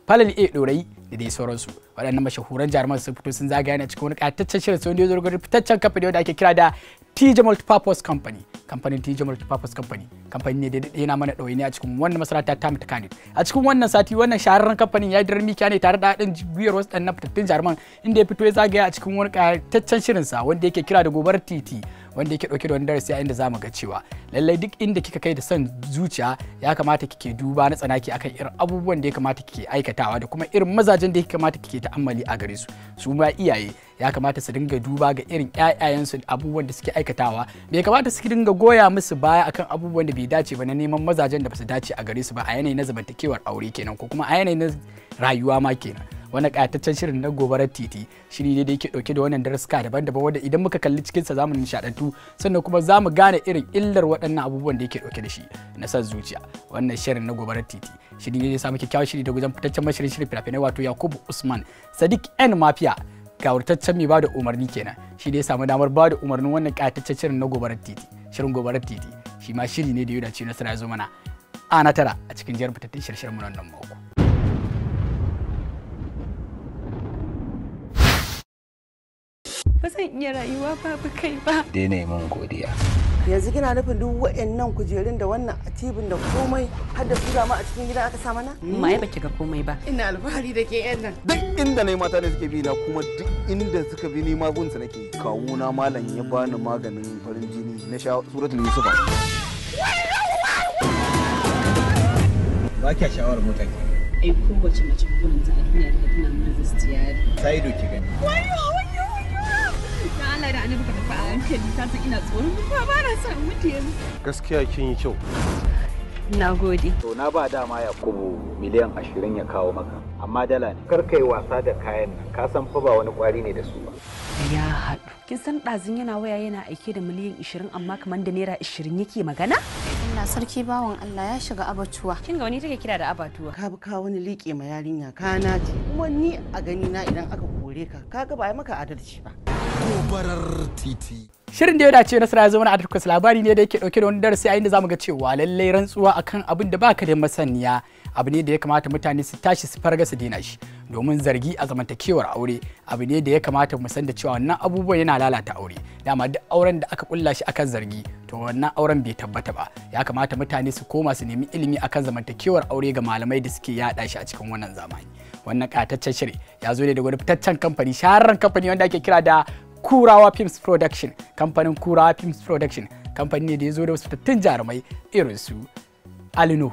Falal A Dorai da dai sauransu waɗannan mashahuran jaruman sun fito sun zagaya na cikin wani ƙataccen shirin sai wanda ya zo fitaccen kamfani wanda ake kira da TJ Multipurpose Company kamfanin TJ Multipurpose Company kamfanin ne da yana mana ɗauyi ne a cikin wannan masarauta ta mu ta a cikin wannan sati wannan shahararren kamfanin ya dirar mikiya ne tare da haɗin gwiwar wasu ɗan fitattun jaruman inda ya fito ya zagaya a cikin wani ƙayataccen shirinsa wanda yake kira da gobar titi wanda yake dauke da wani darasi a inda zamu ga cewa lallai duk inda kika kai da son zuciya ya kamata kike duba na tsanaki akan irin abubuwan da ya kamata kike aikatawa da kuma irin mazajen da ya kamata kike ta'ammali a gare su su ma iyaye ya kamata su dinga duba ga irin ƴaƴayensu abubuwan da suke aikatawa bai kamata su dinga goya musu baya akan abubuwan da bai dace ba na neman mazajen da ba su dace a gare su ba a yanayi na zamantakewar aure kenan ko kuma a yanayi na rayuwa ma kenan wani kayataccen shirin na gobarar titi shiri ne da yake dauke da wannan daraska daban-daban wanda idan muka kalli cikinsa za mu nishadantu sannan kuma za mu gane irin illar waɗannan abubuwan da yake dauke da shi na san zuciya wannan shirin na gobarar titi shiri ne da ya samu kyakkyawan shiri da gujen fitaccen mashirin shirin fina-finai wato yakubu usman sadiq n mafiya gawurtaccen mai bada umarni kenan shi ne ya samu damar bada umarnin wannan kayataccen shirin na gobarar titi shirin gobarar titi shi ma shiri ne da dace nasara ya zo mana a na tara a cikin jihar fitattun shirshirin mu nan mako ba zan iya rayuwa babu kai ba Dene yi mun godiya yanzu kina nufin duk wa'annan kujerun da wannan atibin da komai har da su ma a cikin gida aka sa mana ma ya baki ga komai ba ina alfahari da ke yan nan duk inda yi mata ne suke bi na kuma duk inda suka bi ni ma gunsa nake kawo na malam ya bani maganin farin jini na sha suratul yusufa ba a shawarar mota ke ai kowace mace gurin za a duniya daga tana mun ristiya sai doki gani wayo dan Allah da annabi ka ina tsoron mutuwa gaskiya kin yi kyau na gode to na ba dama yakubu miliyan ashirin ya kawo maka amma dala ne kar kai wasa da kayan nan ka san fa ba wani kwari ne da su ba ya haɗu kin san ɗazin yana waya yana aike da miliyan ashirin amma kamar da naira ashirin yake magana Ina sarki bawan Allah ya shiga abatuwa. Kin ga wani take kira da abatuwa. Ka bi kawo wani liƙe ma yarinya kana ce. Kuma ni a gani na idan aka kore ka kaga ba maka adalci ba. gobarar titi shirin da ya dace nasara ya zama na adarkwas labari ne da yake dauke da wani darasi a inda zamu ga cewa lallai rantsuwa akan abin da baka da masaniya abu ne da ya kamata mutane su tashi su farga su dina shi domin zargi a zamantakewar aure abu ne da ya kamata mu san da cewa wannan abubuwan yana lalata aure dama duk auren da aka kulla shi akan zargi to wannan auren bai tabbata ba ya kamata mutane su koma su nemi ilimi akan zamantakewar aure ga malamai da suke yaɗa shi a cikin wannan zamani wannan katacce shirin ya zo ne da wani fitaccen kamfani shaharar kamfani wanda ake kira da kurawa films production kamfanin kurawa films production kamfani ne da ya zo da wasu fitattun jarumai irin su alinu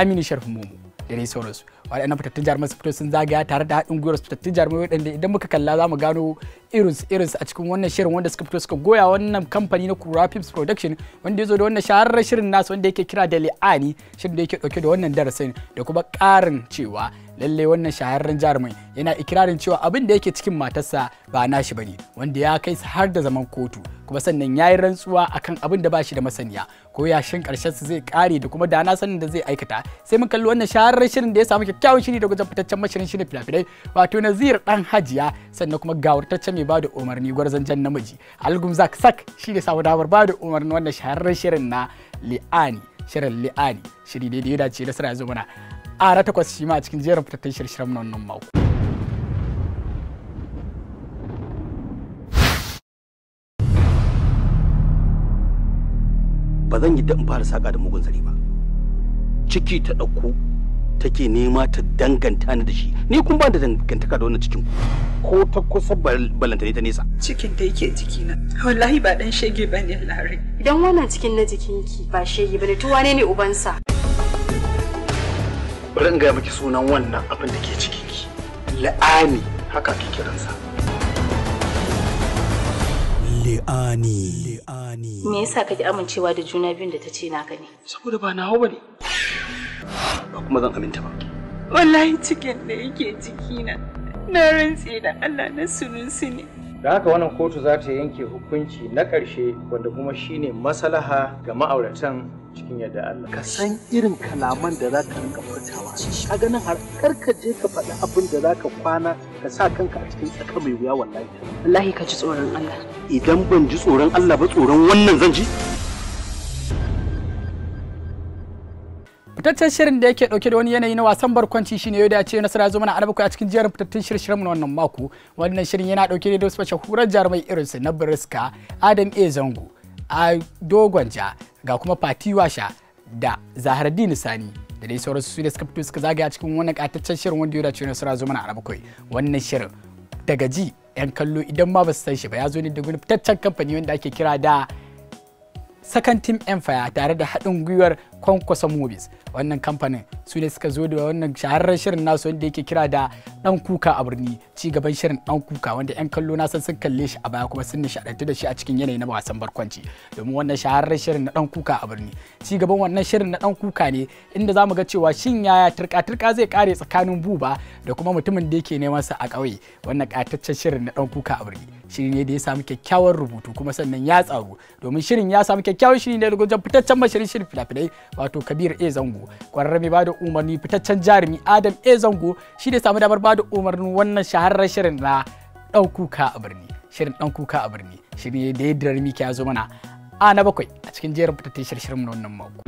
aminu sharif momo da dai sauransu waɗannan fitattun jarumai su fito sun zagaya tare da haɗin gwiwar fitattun jarumai waɗanda idan muka kalla za mu gano irinsu irinsu a cikin wannan shirin wanda suka fito suka goya wannan kamfani na kurawa films production wanda ya zo da wannan shahararren shirin nasu wanda yake kira da li'ani shirin da yake ɗauke da wannan darasin da kuma ƙarin cewa lalle wannan shahararren jarumin yana ikirarin cewa abin da yake cikin matarsa ba nashi bane wanda ya kai su har da zaman kotu kuma sannan ya yi rantsuwa akan abin da ba da masaniya ko yashin karshen su zai kare da kuma da na sanin da zai aikata sai mun kalli wannan shahararren shirin da ya samu kyakkyawan shiri da wajen fitaccen mashirin shirin fina wato nazir dan hajiya sannan kuma gawurtacce mai bada umarni gwarzon jan namiji algum zak sak shi ne samu damar bada umarni wannan shahararren shirin na li'ani shirin li'ani shiri ne da ya dace da sura ya zo mana ƙara takwas shi ma a cikin jerin fitattun shirshiren wannan mako. Ba zan yi in fara saƙa da mugun zari ba. Ciki ta ɗauko take nema ta danganta ni da shi ni kun ba da dangantaka da wannan cikin ko ta kusa balantane ta nesa cikin da yake na. wallahi ba dan shege bane lare idan wannan cikin na jikinki ba shege ne to wane ne ubansa bari in gaya miki sunan wannan abin da ke cikin ki la'ani haka ke kiransa li'ani li'ani me yasa kake amincewa da juna biyun da ta ce naka ne saboda ba nawa bane ba kuma zan aminta ba wallahi cikin da yake jikina na rantse da Allah na sunansu ne da haka wannan kotu za ta yanke hukunci na ƙarshe wanda kuma shine maslaha ga ma'auratan cikin yadda Allah ka san irin kalaman da za ka rinka furtawa ka ganin har karka je ka faɗi abin da zaka kwana ka sa kanka a cikin tsaka mai wuya wallahi wallahi ka ji tsoron Allah idan ban ji tsoron Allah ba tsoron wannan zan ji fitaccen shirin da yake dauke da wani yanayi na wasan barkwanci shine yau da ce nasara zo mana arabu a cikin jerin fitattun shirin shirin wannan mako wannan shirin yana dauke da wasu hurar jarumai irinsu na briska adam a zango a ja ga kuma fatiwasha da dini sani da dai sauransu su da suka fito suka zagaya cikin wannan kataccen shirin wanda ya dace na sura zuma na a bakwai wannan shirin daga ji yan kallo idan ma ba su san shi ba ya zo ne da wani fitaccen kamfani wanda ake kira da sakantin empire tare da haɗin gwiwar kwankwasa movies wannan kamfanin su ne suka zo da wannan shahararren shirin nasu wanda yake kira da dan kuka a birni ci gaban shirin dan kuka wanda yan kallo na san sun kalle shi a baya kuma sun nishadantu da shi a cikin yanayi na wasan barkwanci domin wannan shahararren shirin na dan kuka a birni ci gaban wannan shirin na dan kuka ne inda zamu ga cewa shin yaya turka turka zai kare tsakanin buba da kuma mutumin da yake neman sa a kauye wannan ƙataccen shirin na dan kuka a birni shiri ne da ya samu kyakkyawan rubutu kuma sannan ya tsaro domin shirin ya samu kyakkyawan shiri ne daga fitaccen mashirin shirin filafilai wato kabir a zango kwararre mai bada umarni fitaccen jarumi adam a zango shi da samu damar bada umarnin wannan shaharar shirin na dan kuka a birni shirin dan kuka a birni shiri ne da ya dirarmi ya zo mana a na bakwai a cikin jerin fitattun shirin na wannan mako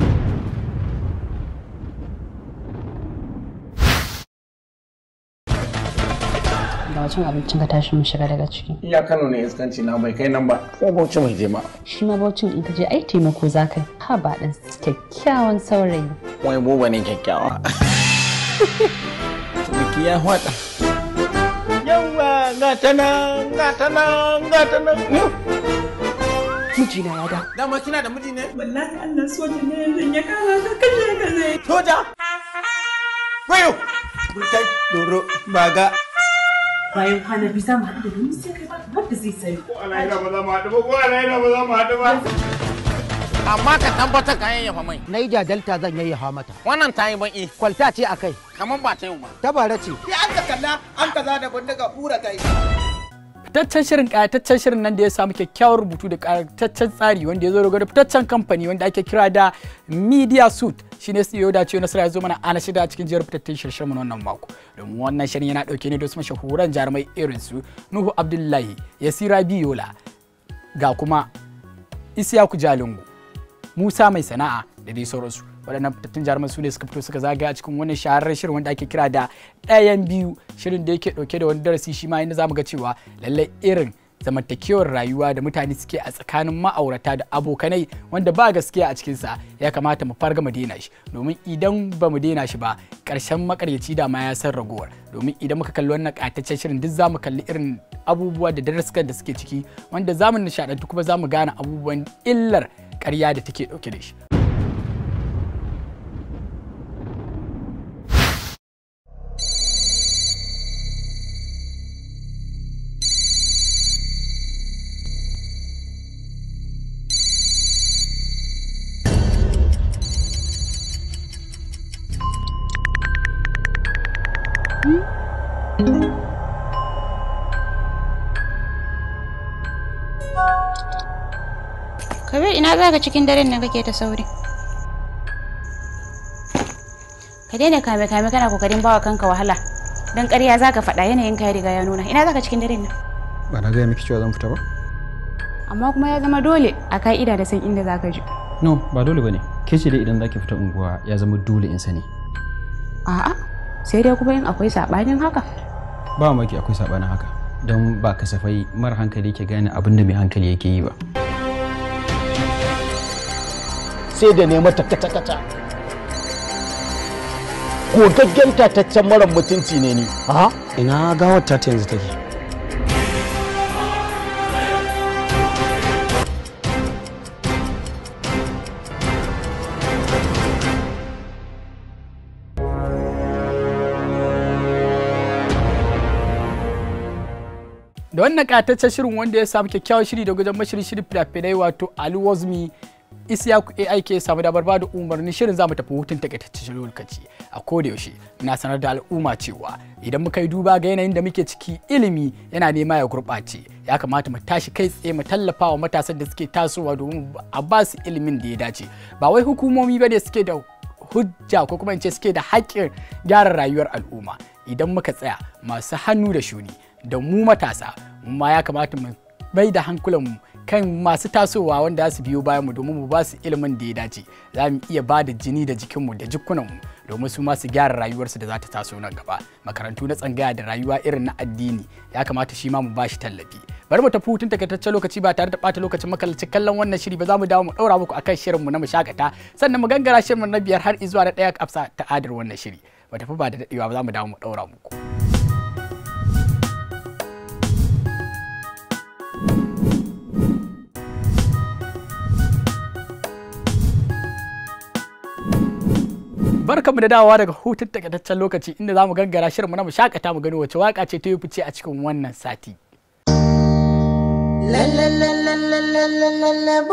gama cin abincin ka tashi mun shiga daga ciki iya kano ne iskanci na bai kai nan ba ko bauchi mai je ma shi ma bauchin in ka je ai taimako za ka ha ba dan kyakkyawan saurayi wai buba ne kyakkyawa biki ya hwada yawa gata nan gata nan gata nan mijina ya da. Dama kina da miji ne? Wallahi Allah soja ne zan ya kawo ka kashe ka zai. Soja? Wayo! Bukai doro, baga. bayan kwana biyu za mu haɗu da wani sai kai ba wanda zai sani. Ko a ba za mu haɗu ba ko a lahira ba za mu haɗu ba. Amma ka tabbatar ka yayyafa mai. Naija Delta zan yayyafa mata. Wannan ta yi baƙi. Kwalta ce a kai. Kamar ba ta yi ba. Tabara ce. Ya an ka kalla an ka za da bindiga ɓura ta yi. fitaccen shirin kayataccen shirin nan da ya samu kyakkyawar rubutu da kayataccen tsari wanda ya zo daga fitaccen kamfani wanda ake kira da media suit shine CEO da ce nasara ya zo mana ana shida a cikin jihar fitattun shirin wannan mako domin wannan shirin yana dauke ne da wasu mashahuran jarumai irin su Nuhu Abdullahi Yasira Biyola ga kuma Isiyaku Jalingo Musa mai sana'a da dai sauransu waɗannan fitattun jaruman su ne suka fito suka zagaya cikin wannan shahararren shirin wanda ake kira da ɗayan biyu shirin da yake ɗauke da wani darasi shi ma inda zamu ga cewa lallai irin zamantakewar rayuwa da mutane suke a tsakanin ma'aurata da abokanai wanda ba gaskiya a cikinsa ya kamata mu farga mu daina shi domin idan ba mu daina shi ba karshen makaryaci da ma ya san ragowar domin idan muka kalli wannan ƙataccen shirin duk za kalli irin abubuwa da darasukan da suke ciki wanda za mu nishaɗantu kuma zamu gane abubuwan illar ƙarya da take ɗauke da shi. baka cikin daren nan kake ta sauri ka daina kame kame kana kokarin bawa kanka wahala dan ƙarya zaka faɗa yanayin ka riga ya nuna ina zaka cikin daren nan ba na gaya miki cewa zan fita ba amma kuma ya zama dole a ka'ida da san inda zaka je no ba dole bane ke ce dai idan zaki fita unguwa ya zama dole in sani a'a sai dai kuma in akwai sabanin haka ba maki akwai sabanin haka don ba kasafai mara hankali ke gane abin da mai hankali yake yi ba. sai da nema ta kata-kata gogaggen tataccen mara mutunci ne ni a ina gawar ta yanzu take da wannan ƙataccen shirin wanda ya samu kyakkyawan shiri da gujen mashirin shirin fina wato aluwazmi ku AI ke samu damar ba da umarni shirin zamu tafi hutun takaitaccen lokaci. A koda yaushe na sanar da al'umma cewa idan muka yi duba ga yanayin da muke ciki ilimi yana nema ya gurɓace. Ya kamata mu tashi kai tsaye mu tallafa wa matasan da suke tasowa domin a ba su ilimin da ya dace. Ba wai hukumomi ba ne suke da hujja ko kuma in ce suke da haƙƙin gyara rayuwar al'umma. Idan muka tsaya masu hannu da shuni da mu matasa mu ma ya kamata mu bai da hankulanmu kan masu tasowa wanda su biyo bayan mu domin mu ba su ilimin da ya dace za mu iya ba da jini da jikinmu da jikunanmu domin su masu gyara rayuwarsu da za ta taso nan gaba makarantu na tsangaya da rayuwa irin na addini ya kamata shi ma mu ba shi tallafi bari mu tafi hutun takaitaccen lokaci ba tare da ɓata lokacin makalacin kallon wannan shiri ba za mu dawo mu ɗaura muku akan shirinmu na mu shakata sannan mu gangara shirinmu na biyar har izuwa na ɗaya kafsa ta adar wannan shiri ba tafi ba da daɗewa ba za mu dawo mu ɗaura muku. Barkanmu da dawowa daga hutun takataccen lokaci inda za mu gangara shirin mu na mu shakata mu gani wace waka ce ta yi fice a cikin wannan sati. Lalalalalalalalalala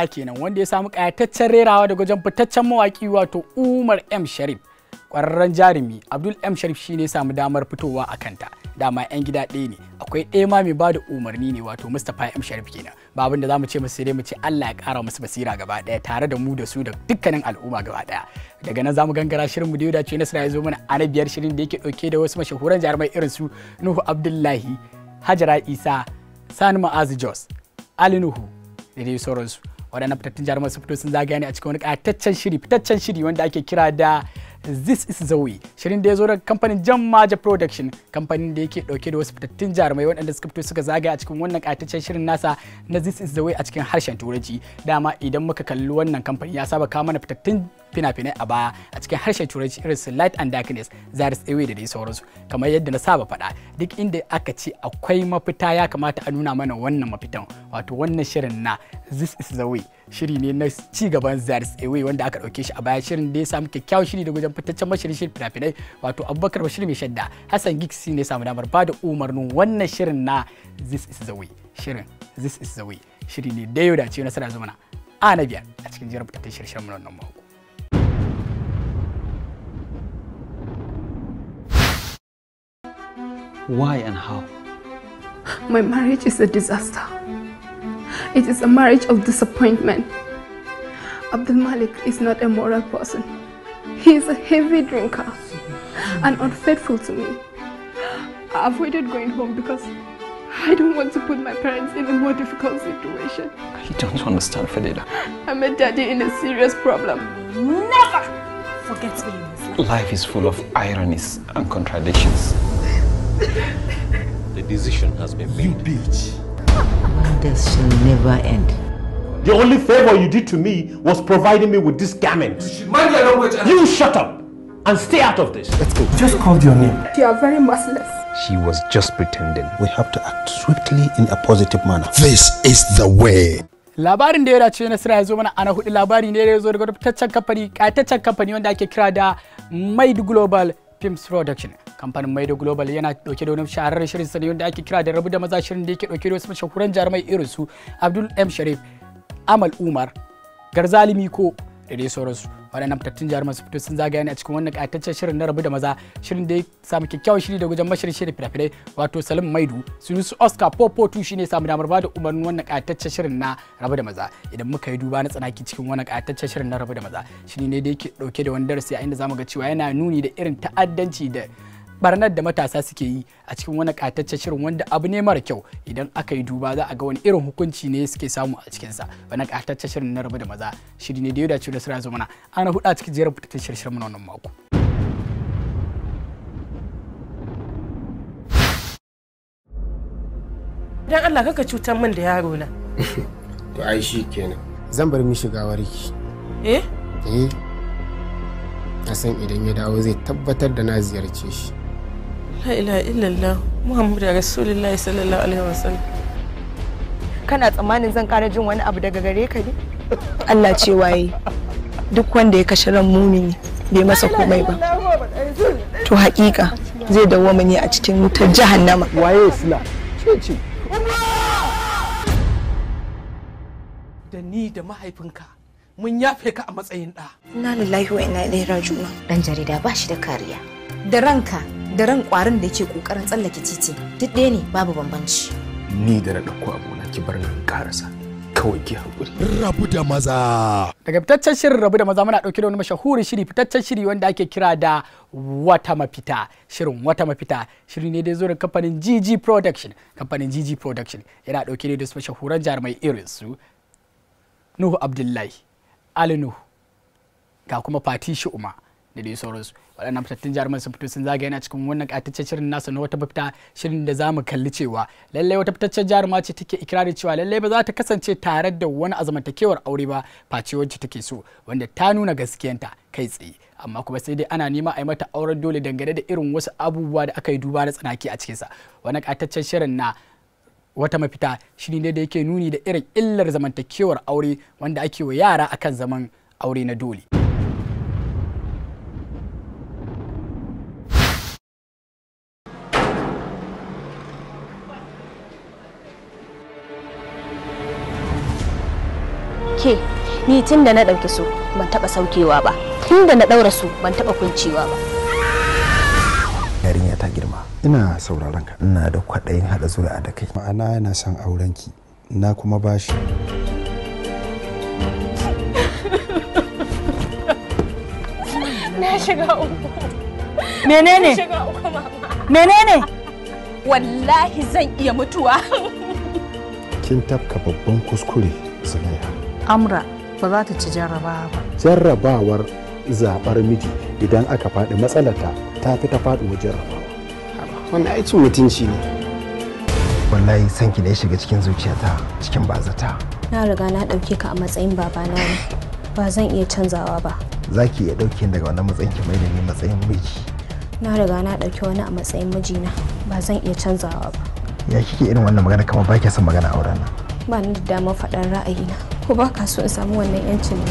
rana kenan wanda ya samu kayataccen rerawa daga wajen fitaccen mawaki wato Umar M Sharif kwararren jarumi Abdul M Sharif shine ya samu damar fitowa a kanta dama yan gida ɗaya ne akwai ɗaya ma mai bada umarni ne wato Mustapha M Sharif kenan ba abin da mu ce musu sai dai mu ce Allah ya ƙara musu basira gaba ɗaya tare da mu da su da dukkanin al'umma gaba ɗaya daga nan zamu gangara shirin mu da ce Nasira ya zo mana a biyar shirin da yake ɗauke da wasu mashahuran jarumai irin su Nuhu Abdullahi Hajara Isa Sani Ma'azu Jos Ali Nuhu da dai sauransu waɗannan fitattun jarumar sun fito sun zagaya ne a cikin wani ƙataccen shiri fitaccen shiri wanda ake kira da this is way shirin da ya zo daga kamfanin maja production kamfanin da yake ɗauke da wasu fitattun jarumai waɗanda suka fito suka zagaya a cikin wannan ƙataccen shirin nasa na this is way a cikin harshen turanci dama idan muka kalli wannan kamfani ya saba kawo mana fitattun fina-finai a baya a cikin harshen turanci irin su light and darkness zaris away da dai sauransu kamar yadda na saba faɗa duk inda aka ce akwai mafita ya kamata a nuna mana wannan mafitan wato wannan shirin na this is the way shiri ne na ci gaban zaris away wanda aka ɗauke shi a baya shirin da ya samu kyakkyawan shiri da wajen fitaccen mashirin shirin fina-finai wato abubakar bashir mai shadda hassan giksi ne samu damar ba da umarnin wannan shirin na this is the way shirin this is the way shiri ne da yau da ce nasara zamana a na biyar a cikin jerin fitattun shirye mu na mako Why and how? My marriage is a disaster. It is a marriage of disappointment. Abdul Malik is not a moral person. He is a heavy drinker and unfaithful to me. I avoided going home because I don't want to put my parents in a more difficult situation. You don't understand, Fadida. I'm a daddy in a serious problem. Never forget me. Life is full of ironies and contradictions. The decision has been made. You bitch. Wonders shall never end. The only favor you did to me was providing me with this garment. You shut up and stay out of this. Let's go. Just called your name. You are very merciless. She was just pretending. We have to act swiftly in a positive manner. This is the way. labarin da ya dace na sira ya mana ana hudu labari ne da ya zo daga fitaccen kamfani kataccen kamfani wanda ake kira da maid global films production kamfanin maido global yana ɗauke da wani shahararren shirin sani wanda ake kira da rabu da maza shirin da yake ɗauke da wasu mashahuran jarumai irin su abdul m sharif amal umar garzali ko da dai sauransu waɗannan fitattun jihar masu fito sun zagaya ne a cikin wannan ƙayataccen shirin na rabu da maza shirin da ya samu kyakkyawan shiri da wajen mashirin da filafilai wato salim maidu sunusu oscar popotu shine samu damar ba da umarnin wannan ƙayataccen shirin na rabu da maza idan muka yi duba na tsanaki cikin wannan ƙayataccen shirin na rabu da maza shiri ne da yake ɗauke da wani darasi a inda zamu ga cewa yana nuni da irin ta'addanci da barnar da matasa suke yi a cikin wani katacce shirin wanda abu ne mara kyau idan aka yi duba za a ga wani irin hukunci ne suke samu a cikin sa wani katacce shirin na rabu da maza shiri ne da ya dace da sura zumana ana huda cikin jerin fitattun shirin na wannan mako dan Allah kaka cutar min da yaro na to ai shi kenan zan bar mi shiga warki eh eh na san idan ya dawo zai tabbatar da na ziyarce shi la ilaha illallah muhammadu rasulullahi sallallahu alaihi wasallam kana tsammanin zan kara jin wani abu daga gare ka ne Allah ce waye duk wanda ya kashe ran mumini bai masa komai ba to haƙiƙa zai dawo ne a cikin wutar jahannama waye sila ce da ni da mahaifinka mun yafe ka a matsayin ɗa. Ina lillahi wa ina ilaihi rajuma. Dan jarida ba shi da kariya. Da ranka da ran kwarin da yake kokarin tsallake titi duk ɗaya ne babu bambanci ni da na ɗauko abuna ki bar nan karasa kawai ki haƙuri. Rabu da maza. Daga fitaccen shirin rabu da maza muna ɗauke da wani mashahuri shiri fitaccen shiri wanda ake kira da wata mafita shirin wata mafita shiri ne da zuwa kamfanin GG Production kamfanin GG Production yana ɗauke ne da su mashahuran jarumai irin su Nuhu Abdullahi Ali Nuhu ga kuma Fati Shi'uma. da dai sauransu waɗannan fitattun jaruman sun fito sun zaga yana cikin wannan ƙataccen shirin nasa na wata fita shirin da za mu kalli cewa lallai wata fitaccen jaruma ce take ikirarin cewa lallai ba za ta kasance tare da wani azamantakewar aure ba face wacce take so wanda ta nuna gaskiyanta kai tsaye amma kuma sai dai ana nema a yi mata auren dole dangane da irin wasu abubuwa da aka yi duba da tsanaki a cikinsa wani ƙataccen shirin na wata mafita shiri ne da yake nuni da irin illar zamantakewar aure wanda ake wa yara akan zaman aure na dole. sauke ni tun da na ɗauki su ban taɓa saukewa ba tun da na ɗaura su ban taɓa kuncewa ba yarinya ta girma ina sauraron ka ina da kwaɗayin haɗa zuri'a da kai ma'ana yana son auren ki na kuma bashi na shiga uku menene menene wallahi zan iya mutuwa kin tafka babban kuskure zunaiha amra ba za ta ci jarrabawa ba jarrabawar zaɓar miji idan aka faɗi matsalarta ta fi ta wa jarrabawa wannan cin mutunci ne wallahi sanki da ya shiga cikin zuciyata cikin bazata na riga na ɗauke ka a matsayin babana ne ba zan iya canzawa ba za ki iya ɗauke daga wannan matsayin ki mai da ni matsayin miji na riga na ɗauke wani a matsayin mijina ba zan iya canzawa ba ya kike irin wannan magana kamar ba ki son magana auren nan ba ni da damar faɗar ra'ayina ko ba ka so in samu wannan yancin ne.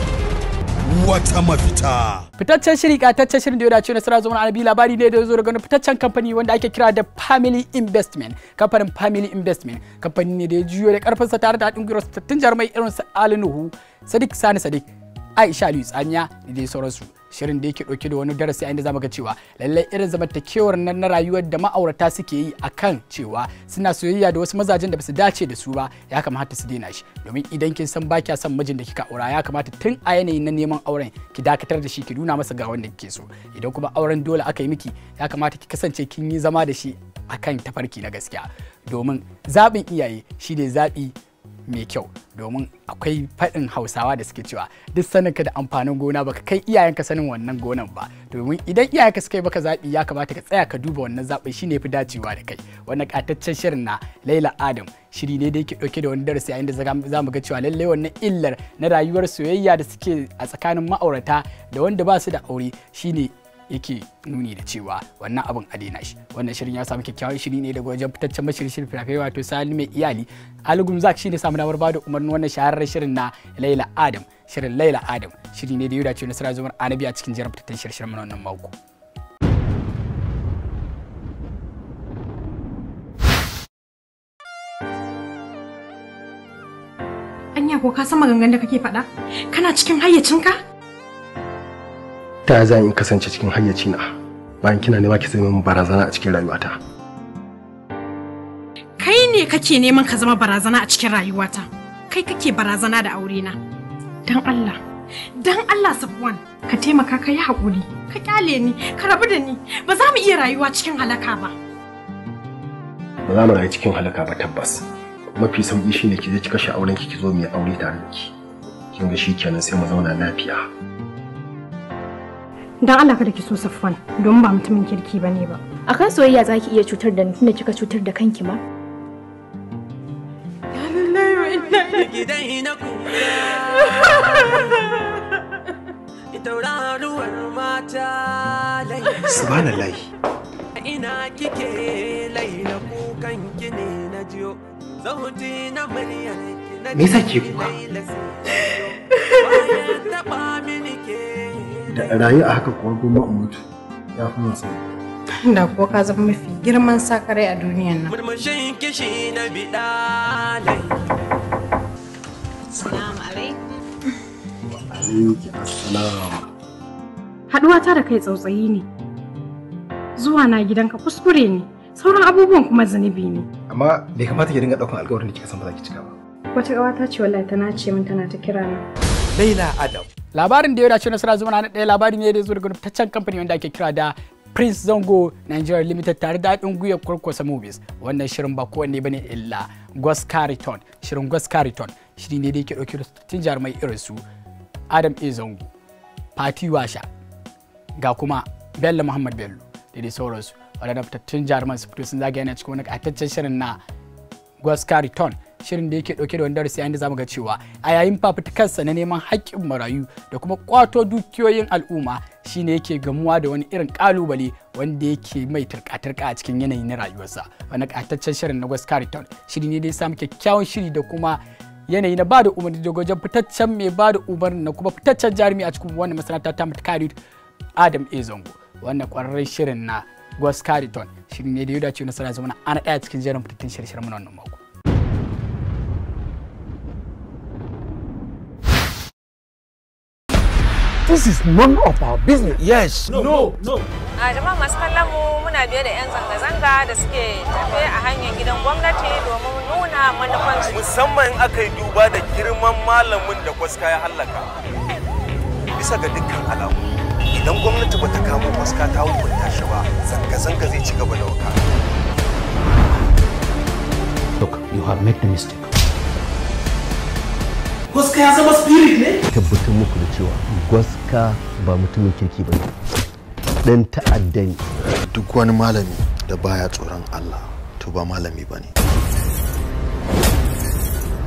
wata mafita. Fitaccen shiri ƙataccen shirin da ya dace nasara zaman alabi labari ne da ya zo daga wani fitaccen kamfani wanda ake kira da Family Investment. Kamfanin Family Investment kamfani ne da ya juyo da ƙarfinsa tare da haɗin gwiwar tattun jarumai irin su Ali Nuhu, Sadiq Sani Sadiq, Aisha Aliyu Tsamiya da dai sauransu. shirin da yake dauke da wani darasi a inda zamu ga cewa lallai irin zamantakewar nan na rayuwar da ma'aurata suke yi akan cewa suna soyayya da wasu mazajen da basu dace da su ba ya kamata su daina shi domin idan kin san ba kya son mijin da kika aura ya kamata tun a yanayin na neman auren ki dakatar da shi ki nuna masa ga wanda kike so idan kuma auren dole aka yi miki ya kamata ki kasance kin yi zama da shi akan tafarki na gaskiya domin zaɓin iyaye shi ne zaɓi mai kyau domin akwai faɗin hausawa da suke cewa duk sanin ka da amfanin gona baka kai iyayenka sanin wannan gonan ba domin idan iyayenka suka yi baka zaɓi ya kamata ka tsaya ka duba wannan zaɓin shine fi dacewa da kai wannan ƙataccen shirin na Laila Adam shiri ne da yake ɗauke da wani darasi yayin da za mu ga cewa lallai wannan illar na rayuwar soyayya da suke a tsakanin ma'aurata da wanda ba su da aure shine yake nuni da cewa wannan abin a daina shi wannan shirin ya samu kyakkyawan shiri ne daga wajen fitaccen mashirin shirin finai wato sali mai iyali algum zak shi ne samu damar ba da umarnin wannan shahararren shirin na laila adam shirin laila adam shiri ne da ya dace nasara zumar anabi a cikin jerin fitaccen shirin mana wannan mako. Anya ko ka san maganganun da kake faɗa? Kana cikin hayyacinka? ta za in kasance cikin hayyaci na bayan kina nema ki zama min barazana a cikin rayuwata kai ne kake neman ka zama barazana a cikin rayuwata kai kake barazana da aure na dan Allah dan Allah Safwan ka taimaka ka yi hakuri ka kyale ni ka rabu da ni ba za mu iya rayuwa cikin halaka ba ba za mu rayu cikin halaka ba tabbas mafi sauki shine ki je ki kashe auren ki ki zo mu yi aure tare da ki kin ga shikenan sai mu zauna lafiya dan Allah kada ki so Safwan don ba mutumin kirki bane ba akan soyayya zaki iya cutar da ni tunda kika cutar da kanki ma Subhanallah. Ina kike laila kukan ki ne na jiyo. Zauti na muryar ki na Me yasa ke kuka? da rayu a haka kuwa goma a mutu ya fi masu da kuwa ka zama mafi girman sakarai a duniyan nan murmushin kishi na biɗa salamu alaikum assalamu haɗuwa ta da kai tsautsayi ne zuwa na gidanka kuskure ne sauran abubuwan kuma zunubi ne amma bai kamata ki dinga ɗaukar alkawarin da kika san ba za ki cika ba wata ƙawata ce wallahi tana ce min tana ta kira ni Laila Adam labarin da ya dace nasara zuma na ɗaya labari ne da ya zo daga fitaccen kamfani wanda ake kira da prince zango nigeria limited tare da haɗin gwiwar kwarkwasa movies wannan shirin ba kowanne ne illa goscariton shirin goscariton shiri ne da yake ɗauke da tun jarumai irin su adam a zango fati washa ga kuma bello muhammad bello da dai sauransu waɗanda fitattun jaruman su fito sun zagaya na cikin wani ƙataccen shirin na goscariton shirin da yake dauke da wani darasi inda zamu ga cewa a yayin fafutukarsa na neman haƙƙin marayu da kuma kwato dukiyoyin al'umma shine yake gamuwa da wani irin kalubale wanda yake mai turka a cikin yanayi na rayuwarsa wani ƙataccen shirin na west carrington shiri ne da ya samu kyakkyawan shiri da kuma yanayi na bada umarni daga wajen fitaccen mai bada umarni na kuma fitaccen jarumi a cikin wannan masana'anta ta mutakari adam ezongo wannan kwararren shirin na west carrington shirin ne da ya dace na sana zama ana ɗaya cikin jerin fitattun shirye-shiryen wannan mako. This is none of our business. Yes. No. No. A ah, jama'a masu kallon mu muna biye da 'yan zanga-zanga da suke tafe a hanyar gidan gwamnati domin nuna su. Musamman aka yi duba da girman malamin da kwaska ya hallaka. Bisa ga dukkan alamu, idan gwamnati ba ta kama kwaska ta hukunta shi ba, zanga-zanga zai ci gaba da wuka. Look, you have made the mistake. gwaska ya zama spirit ne tabbatar muku da cewa gwaska ba mutumin kirki ba ne', dan ta'adda ne duk wani malami da baya tsoron Allah to ba malami ba ne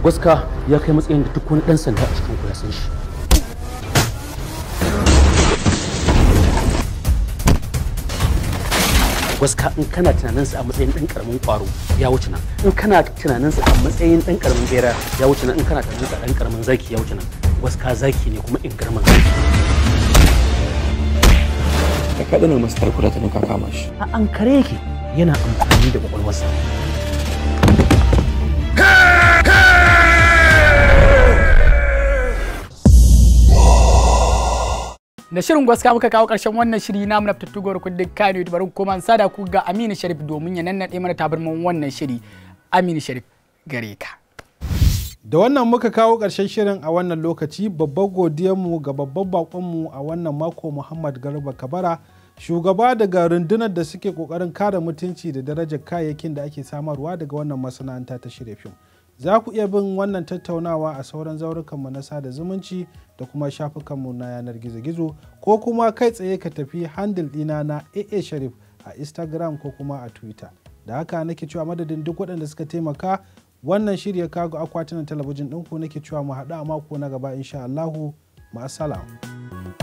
gwaska ya kai matsayin da duk wani ɗan sanda a cikin ku ya san shi wasu ka in kana tunanin sa a matsayin dan karamin kwaro ya wuce nan in kana tunanin sa a matsayin dan karamin bera ya wuce nan in kana tunanin sa dan karamin zaki ya wuce nan wasu ka zaki ne kuma in garman zaki ka kada na masu tarkuda ta nuka kama shi a an kare yake yana amfani da kwakwalwarsa da shirin gwaska muka kawo karshen wannan shiri na mu fitattugowar kudin kayan yadda barin koma sada ku ga Aminu Sharif domin ya nannaɗe mana tabarman wannan shiri Aminu Sharif gare ka da wannan muka kawo karshen shirin a wannan lokaci babbar godiyarmu ga babban bakonmu a wannan mako Muhammad Garba Kabara shugaba daga rundunar da suke kokarin kare mutunci da darajar kayayyakin da ake samarwa daga wannan masana'anta ta shirya fim. za ku iya bin wannan tattaunawa a sauran zaurukanmu na sada zumunci da kuma shafukanmu na yanar gizo-gizo ko kuma kai tsaye ka tafi handle dina na aa sharif a instagram ko kuma a twitter da haka nake cewa madadin duk waɗanda suka taimaka wannan shirya kago akwatunan talabijin ɗinku nake cewa mu haɗu a mako na gaba insha Allahu ma'asalam.